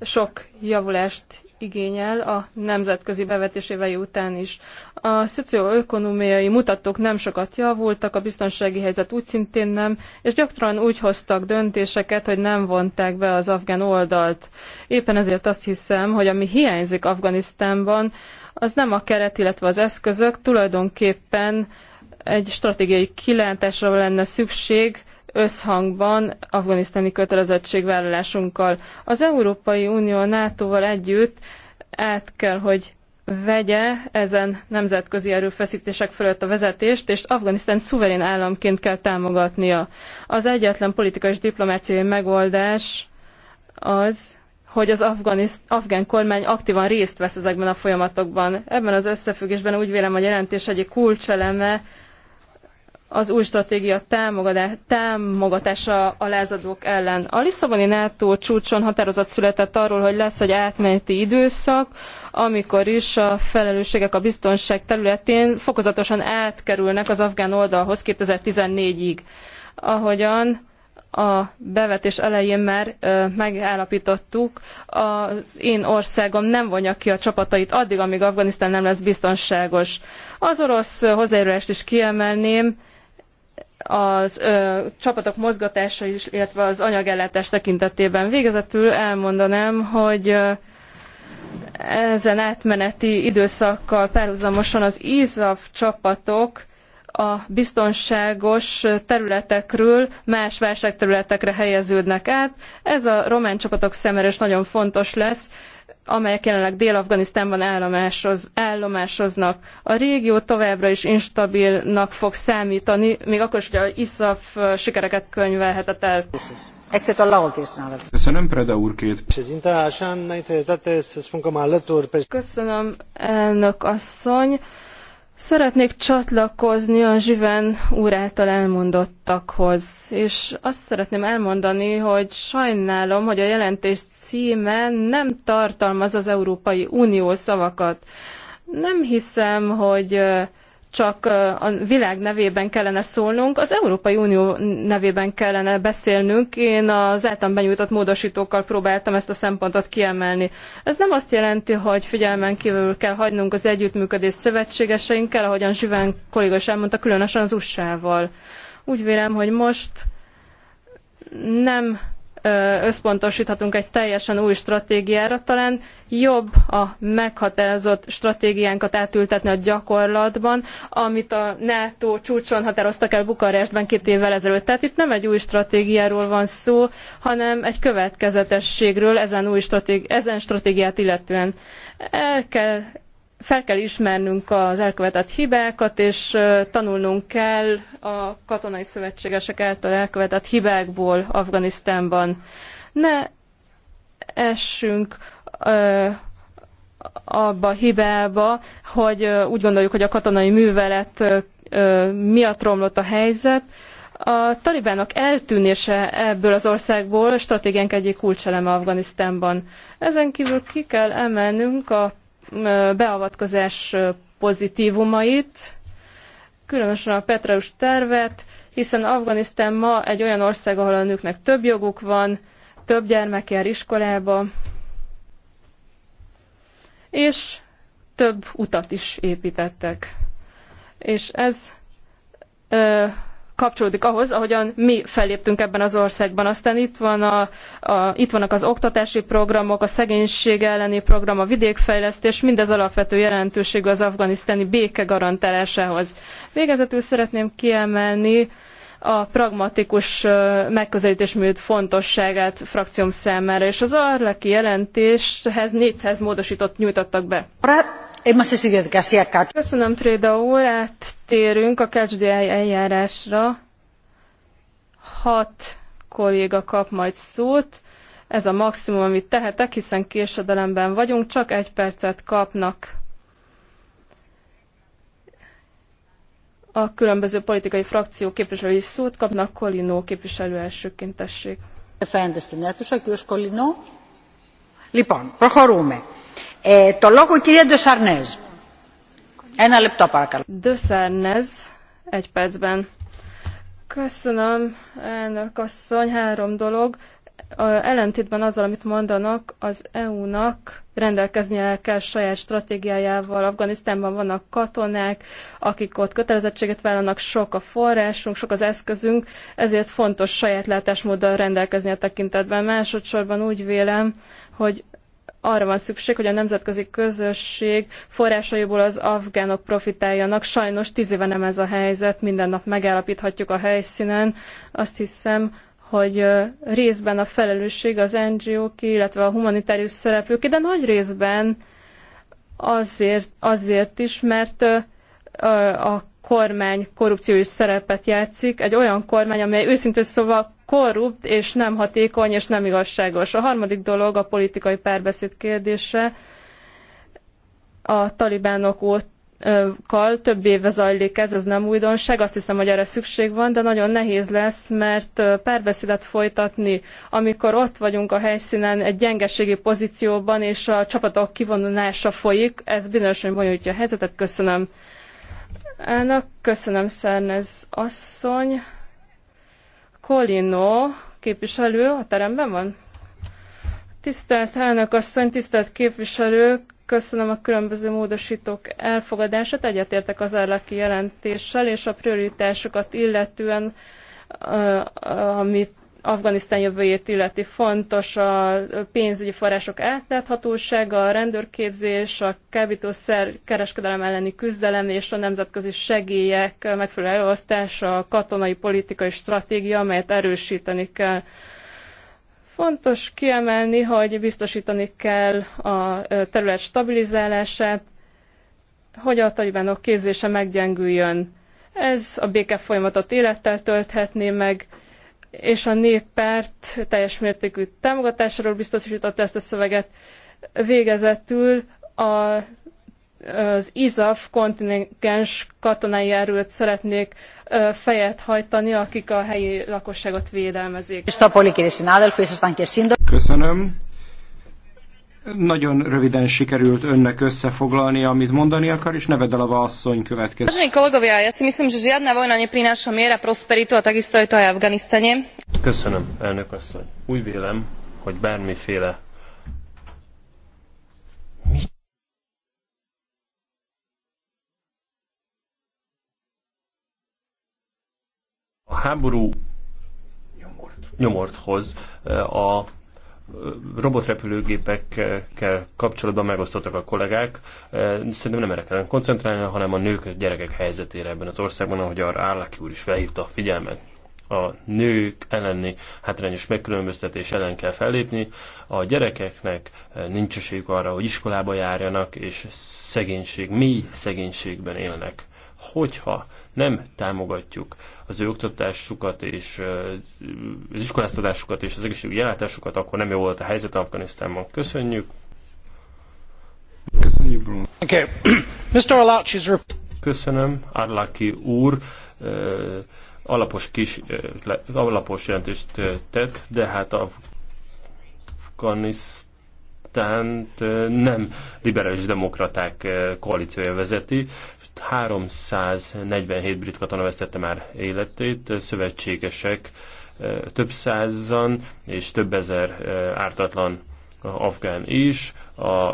sok javulást igényel a nemzetközi bevetésével után is. A szocioökonomiai mutatók nem sokat javultak, a biztonsági helyzet úgy szintén nem, és gyakran úgy hoztak döntéseket, hogy nem vonták be az afgán oldalt. Éppen ezért azt hiszem, hogy ami hiányzik Afganisztánban, az nem a keret, illetve az eszközök, tulajdonképpen egy stratégiai kilátásra lenne szükség, összhangban afganisztáni kötelezettségvállalásunkkal. Az Európai Unió NATO-val együtt át kell, hogy vegye ezen nemzetközi erőfeszítések fölött a vezetést, és Afganisztán szuverén államként kell támogatnia. Az egyetlen politikai és diplomáciai megoldás az, hogy az afgán kormány aktívan részt vesz ezekben a folyamatokban. Ebben az összefüggésben úgy vélem, a jelentés egyik kulcseleme az új stratégia támogatása a lázadók ellen. A Lisszaboni NATO csúcson határozat született arról, hogy lesz egy átmeneti időszak, amikor is a felelősségek a biztonság területén fokozatosan átkerülnek az afgán oldalhoz 2014-ig. Ahogyan a bevetés elején már ö, megállapítottuk, az én országom nem vonja ki a csapatait addig, amíg Afganisztán nem lesz biztonságos. Az orosz hozzájárulást is kiemelném, az ö, csapatok mozgatása is, illetve az anyagellátás tekintetében. Végezetül elmondanám, hogy ö, ezen átmeneti időszakkal párhuzamosan az ISAF csapatok a biztonságos területekről más válságterületekre helyeződnek át. Ez a román csapatok szemére is nagyon fontos lesz, amelyek jelenleg Dél-Afganisztánban állomásoz, állomásoznak. A régió továbbra is instabilnak fog számítani, még akkor is, hogy a ISAF sikereket könyvelhetett el. Köszönöm, Preda úr, két. Köszönöm, elnök asszony. Szeretnék csatlakozni a Zsiven úr által elmondottakhoz, és azt szeretném elmondani, hogy sajnálom, hogy a jelentés címe nem tartalmaz az Európai Unió szavakat. Nem hiszem, hogy csak a világ nevében kellene szólnunk, az Európai Unió nevében kellene beszélnünk. Én az általam benyújtott módosítókkal próbáltam ezt a szempontot kiemelni. Ez nem azt jelenti, hogy figyelmen kívül kell hagynunk az együttműködés szövetségeseinkkel, ahogyan Zsiván kolléga is elmondta, különösen az USA-val. Úgy vélem, hogy most nem összpontosíthatunk egy teljesen új stratégiára, talán jobb a meghatározott stratégiánkat átültetni a gyakorlatban, amit a NATO csúcson határoztak el Bukarestben két évvel ezelőtt. Tehát itt nem egy új stratégiáról van szó, hanem egy következetességről ezen, új stratégi- ezen stratégiát illetően. El kell fel kell ismernünk az elkövetett hibákat, és tanulnunk kell a katonai szövetségesek által elkövetett hibákból Afganisztánban. Ne essünk abba a hibába, hogy úgy gondoljuk, hogy a katonai művelet miatt romlott a helyzet. A talibánok eltűnése ebből az országból stratégiánk egyik kulcseleme Afganisztánban. Ezen kívül ki kell emelnünk a beavatkozás pozitívumait, különösen a Petraeus tervet, hiszen Afganisztán ma egy olyan ország, ahol a nőknek több joguk van, több gyermek jár iskolába, és több utat is építettek. És ez ö, kapcsolódik ahhoz, ahogyan mi felléptünk ebben az országban. Aztán itt, van a, a, itt vannak az oktatási programok, a szegénység elleni program, a vidékfejlesztés, mindez alapvető jelentőségű az afganisztáni béke garantálásához. Végezetül szeretném kiemelni, a pragmatikus megközelítés műt fontosságát frakcióm számára, és az arlaki jelentéshez 400 módosított nyújtottak be. Köszönöm, Préda úr, áttérünk a KCDI eljárásra. Hat kolléga kap majd szót. Ez a maximum, amit tehetek, hiszen késedelemben vagyunk, csak egy percet kapnak a különböző politikai frakció képviselői szót kapnak, Kolinó képviselő elsőként tessék. Fendestenjátosak, Kolinó egy Köszönöm, elnök asszony, három dolog. Ellentétben azzal, amit mondanak, az EU-nak rendelkeznie kell saját stratégiájával. Afganisztánban vannak katonák, akik ott kötelezettséget vállalnak, sok a forrásunk, sok az eszközünk, ezért fontos saját látásmóddal rendelkezni a tekintetben. Másodszorban úgy vélem, hogy arra van szükség, hogy a nemzetközi közösség forrásaiból az afgánok profitáljanak. Sajnos tíz éve nem ez a helyzet, minden nap megállapíthatjuk a helyszínen. Azt hiszem, hogy részben a felelősség az NGO-k, illetve a humanitárius szereplők, de nagy részben azért, azért is, mert a kormány korrupciós szerepet játszik, egy olyan kormány, amely őszintén szóval korrupt és nem hatékony és nem igazságos. A harmadik dolog a politikai párbeszéd kérdése. A talibánok óta kal több éve zajlik ez, ez nem újdonság, azt hiszem, hogy erre szükség van, de nagyon nehéz lesz, mert párbeszédet folytatni, amikor ott vagyunk a helyszínen egy gyengeségi pozícióban, és a csapatok kivonulása folyik, ez bizonyosan bonyolítja a helyzetet. Köszönöm. Elnök, köszönöm Szernez asszony. Kolino képviselő a teremben van? Tisztelt elnök asszony, tisztelt képviselők, köszönöm a különböző módosítók elfogadását, egyetértek az állaki jelentéssel, és a prioritásokat illetően, amit Afganisztán jövőjét illeti fontos a pénzügyi források átláthatósága, a rendőrképzés, a kábítószer kereskedelem elleni küzdelem és a nemzetközi segélyek megfelelő elosztása, a katonai politikai stratégia, amelyet erősíteni kell. Fontos kiemelni, hogy biztosítani kell a terület stabilizálását, hogy a talibánok képzése meggyengüljön. Ez a béke folyamatot élettel tölthetné meg, és a néppárt teljes mértékű támogatásról biztosította ezt a szöveget. Végezetül a az ISAF kontingens katonai erőt szeretnék fejet hajtani, akik a helyi lakosságot védelmezik. Köszönöm. Nagyon röviden sikerült önnek összefoglalni, amit mondani akar, és a asszony következő. Vážení kolegovia, ja si myslím, že žiadna vojna neprináša mier a prosperitu, a takisto je to aj Afganistane. Köszönöm, elnök asszony. Úgy vélem, hogy bármiféle Mi? A háború nyomort hoz eh, a robotrepülőgépekkel kapcsolatban megosztottak a kollégák. Szerintem nem erre kellene koncentrálni, hanem a nők, gyerekek helyzetére ebben az országban, ahogy arra Állaki úr is felhívta a figyelmet a nők elleni hátrányos megkülönböztetés ellen kell fellépni. A gyerekeknek nincs esélyük arra, hogy iskolába járjanak, és szegénység, mi szegénységben élnek. Hogyha nem támogatjuk az ő oktatásukat és az iskoláztatásukat és az egészségügyi ellátásukat, akkor nem jó volt a helyzet Afganisztánban. Köszönjük. Köszönjük, Bruno. Okay. Mr. Köszönöm, Arlaki úr alapos, kis, alapos jelentést tett, de hát Afganisztánt nem liberális demokraták koalíciója vezeti. 347 brit katona vesztette már életét, szövetségesek több százan és több ezer ártatlan afgán is. A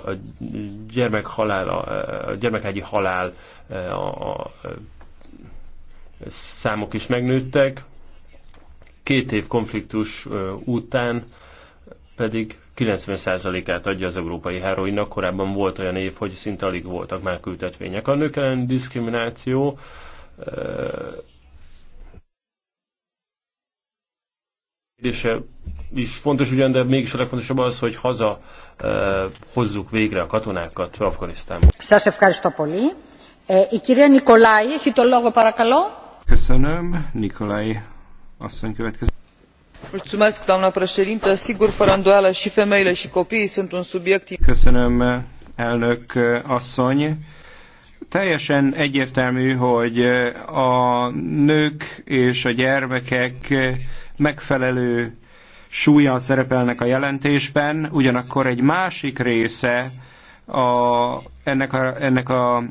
gyermek halál, a gyermekágyi halál a számok is megnőttek. Két év konfliktus után pedig 90%-át adja az európai heroinnak. Korábban volt olyan év, hogy szinte alig voltak már küldetvények. A nők ellen diszkrimináció eh, kérdése is fontos ugyan, de mégis a legfontosabb az, hogy haza eh, hozzuk végre a katonákat Afganisztánba. Köszönöm. Nikolai asszony következik sigur fără îndoială și femeile și copiii sunt un subiect. Köszönöm, elnök asszony. Teljesen egyértelmű, hogy a nők és a gyermekek megfelelő súlyjal szerepelnek a jelentésben, ugyanakkor egy másik része a, ennek a, ennek a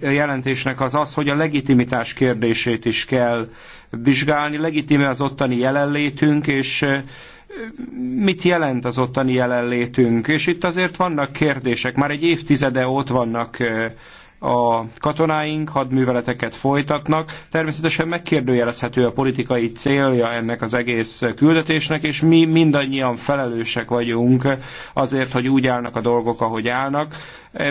jelentésnek az az, hogy a legitimitás kérdését is kell vizsgálni. Legitime az ottani jelenlétünk, és mit jelent az ottani jelenlétünk. És itt azért vannak kérdések, már egy évtizede ott vannak a katonáink hadműveleteket folytatnak. Természetesen megkérdőjelezhető a politikai célja ennek az egész küldetésnek, és mi mindannyian felelősek vagyunk azért, hogy úgy állnak a dolgok, ahogy állnak.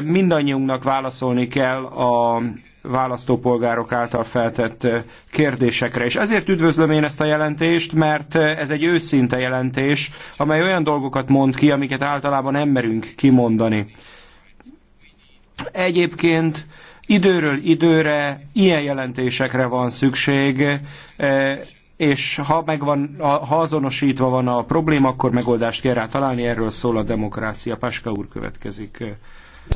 Mindannyiunknak válaszolni kell a választópolgárok által feltett kérdésekre. És ezért üdvözlöm én ezt a jelentést, mert ez egy őszinte jelentés, amely olyan dolgokat mond ki, amiket általában nem merünk kimondani. Egyébként időről időre ilyen jelentésekre van szükség, e, és ha, megvan, ha azonosítva van a probléma, akkor megoldást kell rá találni, erről szól a demokrácia. Páska úr következik. E,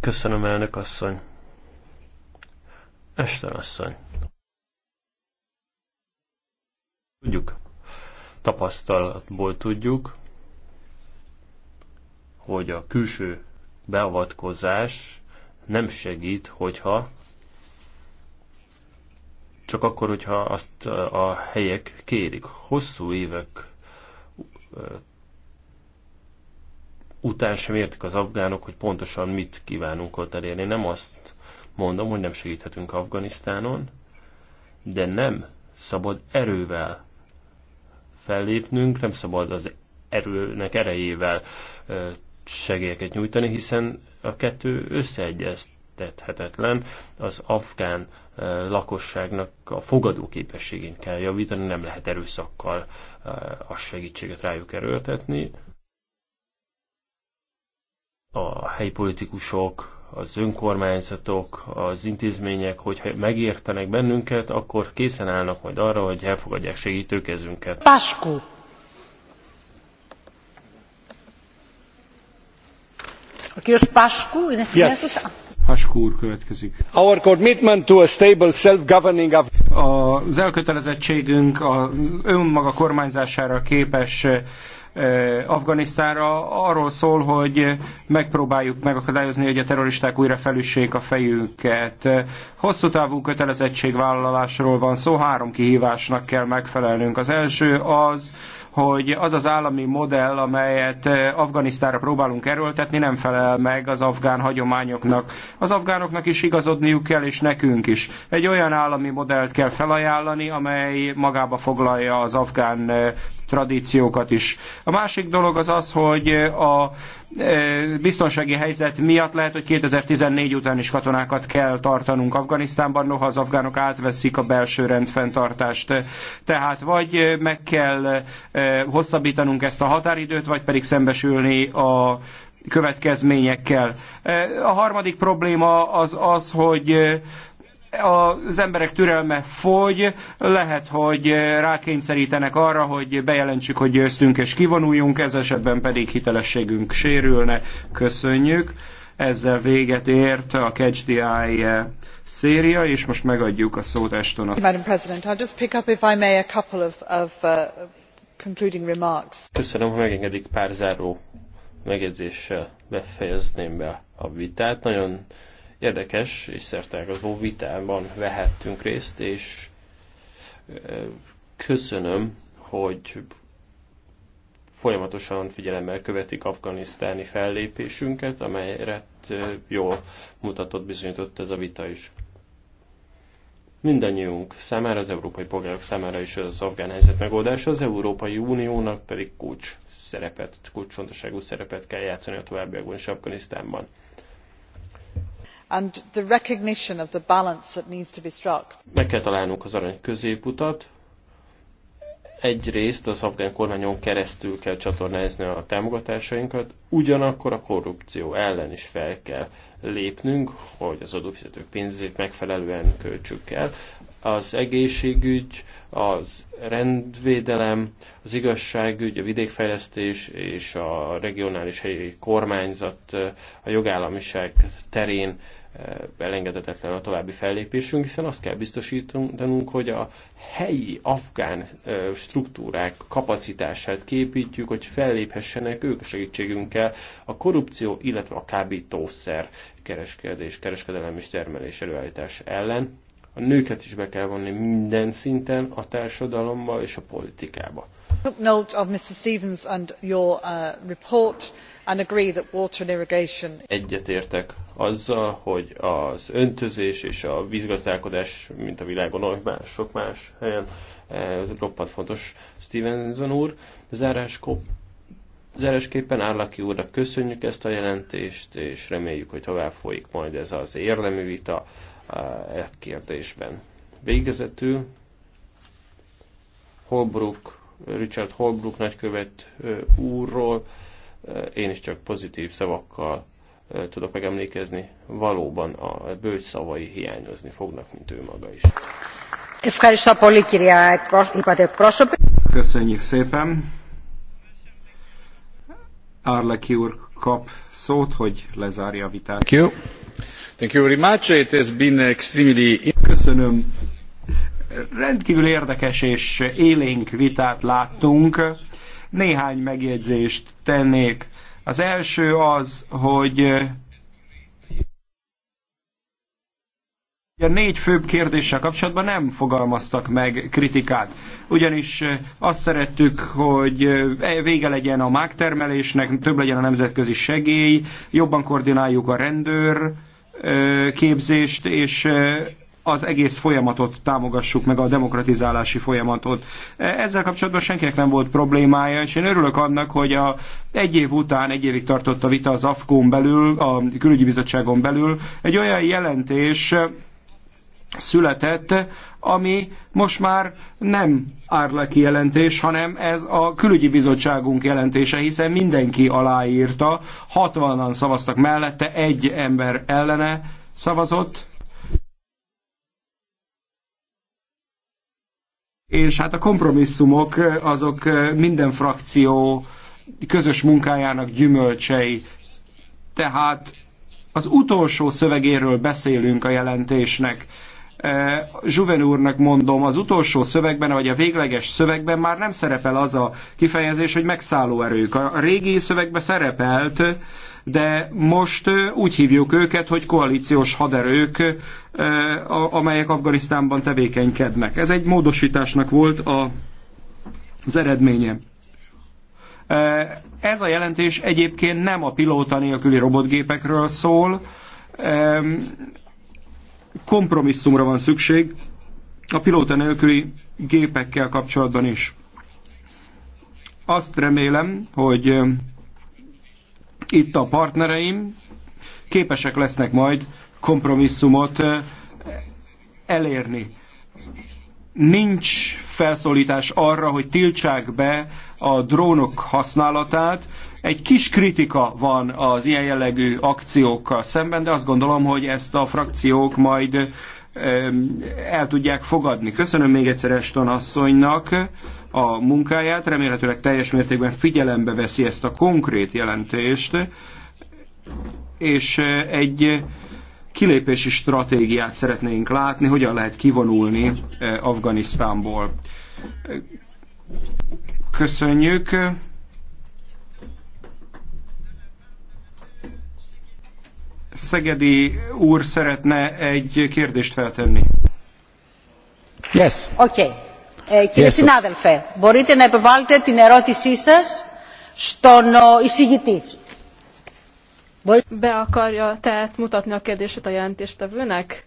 Köszönöm, elnök asszony. Este asszony. Tudjuk, tapasztalatból tudjuk, hogy a külső beavatkozás nem segít, hogyha csak akkor, hogyha azt a helyek kérik. Hosszú évek után sem értik az afgánok, hogy pontosan mit kívánunk ott elérni. Nem azt mondom, hogy nem segíthetünk Afganisztánon, de nem szabad erővel fellépnünk, nem szabad az erőnek erejével segélyeket nyújtani, hiszen a kettő összeegyeztethetetlen, az afgán eh, lakosságnak a fogadóképességén kell javítani, nem lehet erőszakkal eh, a segítséget rájuk erőltetni. A helyi politikusok, az önkormányzatok, az intézmények, hogyha megértenek bennünket, akkor készen állnak majd arra, hogy elfogadják segítőkezünket. Páskó! következik. Our commitment to a stable self-governing of... Az elkötelezettségünk a önmaga kormányzására képes eh, Afganisztánra arról szól, hogy megpróbáljuk megakadályozni, hogy a terroristák újra felüssék a fejüket. Hosszú távú kötelezettségvállalásról van szó, három kihívásnak kell megfelelnünk. Az első az, hogy az az állami modell, amelyet Afganisztára próbálunk erőltetni, nem felel meg az afgán hagyományoknak. Az afgánoknak is igazodniuk kell, és nekünk is. Egy olyan állami modellt kell felajánlani, amely magába foglalja az afgán tradíciókat is. A másik dolog az az, hogy a e, biztonsági helyzet miatt lehet, hogy 2014 után is katonákat kell tartanunk Afganisztánban, noha az afgánok átveszik a belső rendfenntartást. Tehát vagy meg kell e, hosszabbítanunk ezt a határidőt, vagy pedig szembesülni a következményekkel. E, a harmadik probléma az az, hogy az emberek türelme fogy, lehet, hogy rákényszerítenek arra, hogy bejelentsük, hogy győztünk és kivonuljunk, ez esetben pedig hitelességünk sérülne. Köszönjük. Ezzel véget ért a Catch the Eye széria, és most megadjuk a szót Eston. Madam President, I'll just pick up, if I may, a couple of, of uh, concluding remarks. Köszönöm, ha megengedik pár záró megjegyzéssel befejezném be a vitát. Nagyon érdekes és szertágazó vitában vehettünk részt, és köszönöm, hogy folyamatosan figyelemmel követik afganisztáni fellépésünket, amelyre jól mutatott, bizonyított ez a vita is. Mindannyiunk számára, az európai polgárok számára is az afgán helyzet megoldása, az Európai Uniónak pedig kulcs szerepet, kulcsfontosságú szerepet kell játszani a továbbiakban is Afganisztánban and the recognition of the balance that needs to be struck. Meg kell találnunk az arany középutat. Egyrészt az afgán kormányon keresztül kell csatornázni a támogatásainkat, ugyanakkor a korrupció ellen is fel kell lépnünk, hogy az adófizetők pénzét megfelelően költsük el. Az egészségügy, az rendvédelem, az igazságügy, a vidékfejlesztés és a regionális helyi kormányzat a jogállamiság terén Eh, elengedhetetlen a további fellépésünk, hiszen azt kell biztosítanunk, hogy a helyi afgán eh, struktúrák kapacitását képítjük, hogy felléphessenek ők segítségünkkel a korrupció, illetve a kábítószer kereskedés, kereskedelem és termelés előállítás ellen. A nőket is be kell vonni minden szinten a társadalomba és a politikába. Took note of Mr. Stevens and your uh, report and agree that water and irrigation Egyetértek azzal, hogy az öntözés és a vízgazdálkodás, mint a világon, ahogy más, sok más helyen, eh, roppant fontos Stevenson úr. Záráskop Zárásképpen Árlaki úrnak köszönjük ezt a jelentést, és reméljük, hogy tovább folyik majd ez az érdemi vita eh, e kérdésben. Végezetül Holbrook, Richard Holbrook nagykövet eh, úrról én is csak pozitív szavakkal tudok megemlékezni, valóban a bölcs szavai hiányozni fognak, mint ő maga is. Köszönjük szépen! Arleki úr kap szót, hogy lezárja a vitát. Thank you. Thank you very much. It has been extremely... Köszönöm. Rendkívül érdekes és élénk vitát láttunk. Néhány megjegyzést tennék. Az első az, hogy a eh, négy főbb kérdéssel kapcsolatban nem fogalmaztak meg kritikát. Ugyanis eh, azt szerettük, hogy eh, e, vége legyen a mágtermelésnek, több legyen a nemzetközi segély, jobban koordináljuk a rendőr képzést, és az egész folyamatot támogassuk meg, a demokratizálási folyamatot. Ezzel kapcsolatban senkinek nem volt problémája, és én örülök annak, hogy a, egy év után, egy évig tartott a vita az AFKON belül, a külügyi bizottságon belül, egy olyan jelentés született, ami most már nem árlaki jelentés, hanem ez a külügyi bizottságunk jelentése, hiszen mindenki aláírta, 60-an szavaztak mellette, egy ember ellene szavazott, és hát a kompromisszumok azok minden frakció közös munkájának gyümölcsei. Tehát az utolsó szövegéről beszélünk a jelentésnek. Zsuven úrnak mondom, az utolsó szövegben, vagy a végleges szövegben már nem szerepel az a kifejezés, hogy megszálló erők. A régi szövegben szerepelt, de most úgy hívjuk őket, hogy koalíciós haderők, amelyek Afganisztánban tevékenykednek. Ez egy módosításnak volt a, az eredménye. Ez a jelentés egyébként nem a pilóta nélküli robotgépekről szól, kompromisszumra van szükség a pilóta nélküli gépekkel kapcsolatban is. Azt remélem, hogy itt a partnereim képesek lesznek majd kompromisszumot elérni. Nincs felszólítás arra, hogy tiltsák be a drónok használatát, egy kis kritika van az ilyen jellegű akciókkal szemben, de azt gondolom, hogy ezt a frakciók majd el tudják fogadni. Köszönöm még egyszer Eston asszonynak a munkáját, remélhetőleg teljes mértékben figyelembe veszi ezt a konkrét jelentést, és egy kilépési stratégiát szeretnénk látni, hogyan lehet kivonulni eh, Afganisztánból. Köszönjük. Szegedi úr szeretne egy kérdést feltenni. Yes. Okay. Ε, eh, κύριε yes, συνάδελφε, μπορείτε να επιβάλλετε την ερώτησή σας στον εισηγητή. Be akarja tehát mutatni a kérdését a jelentéstevőnek?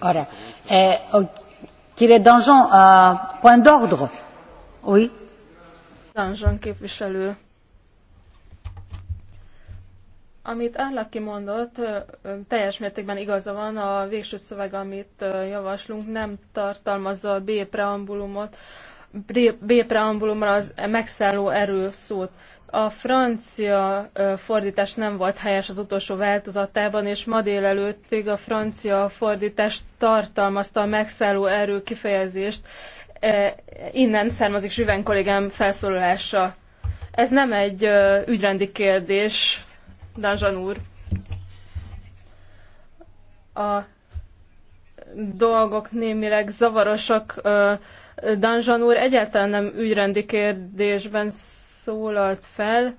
Ahora, Kire Danjon, a point d'ordre. Oui. Danjon képviselő. Amit Árlaki mondott, teljes mértékben igaza van, a végső szöveg, amit javaslunk, nem tartalmazza a B preambulumot, B preambulumra az megszálló erő szót. A francia fordítás nem volt helyes az utolsó változatában, és ma délelőttig a francia fordítás tartalmazta a megszálló erő kifejezést. E, innen származik Zsüven kollégám felszólalása. Ez nem egy ügyrendi kérdés, Danzsan úr. A dolgok némileg zavarosak. Danzsan úr egyáltalán nem ügyrendi kérdésben szólalt fel,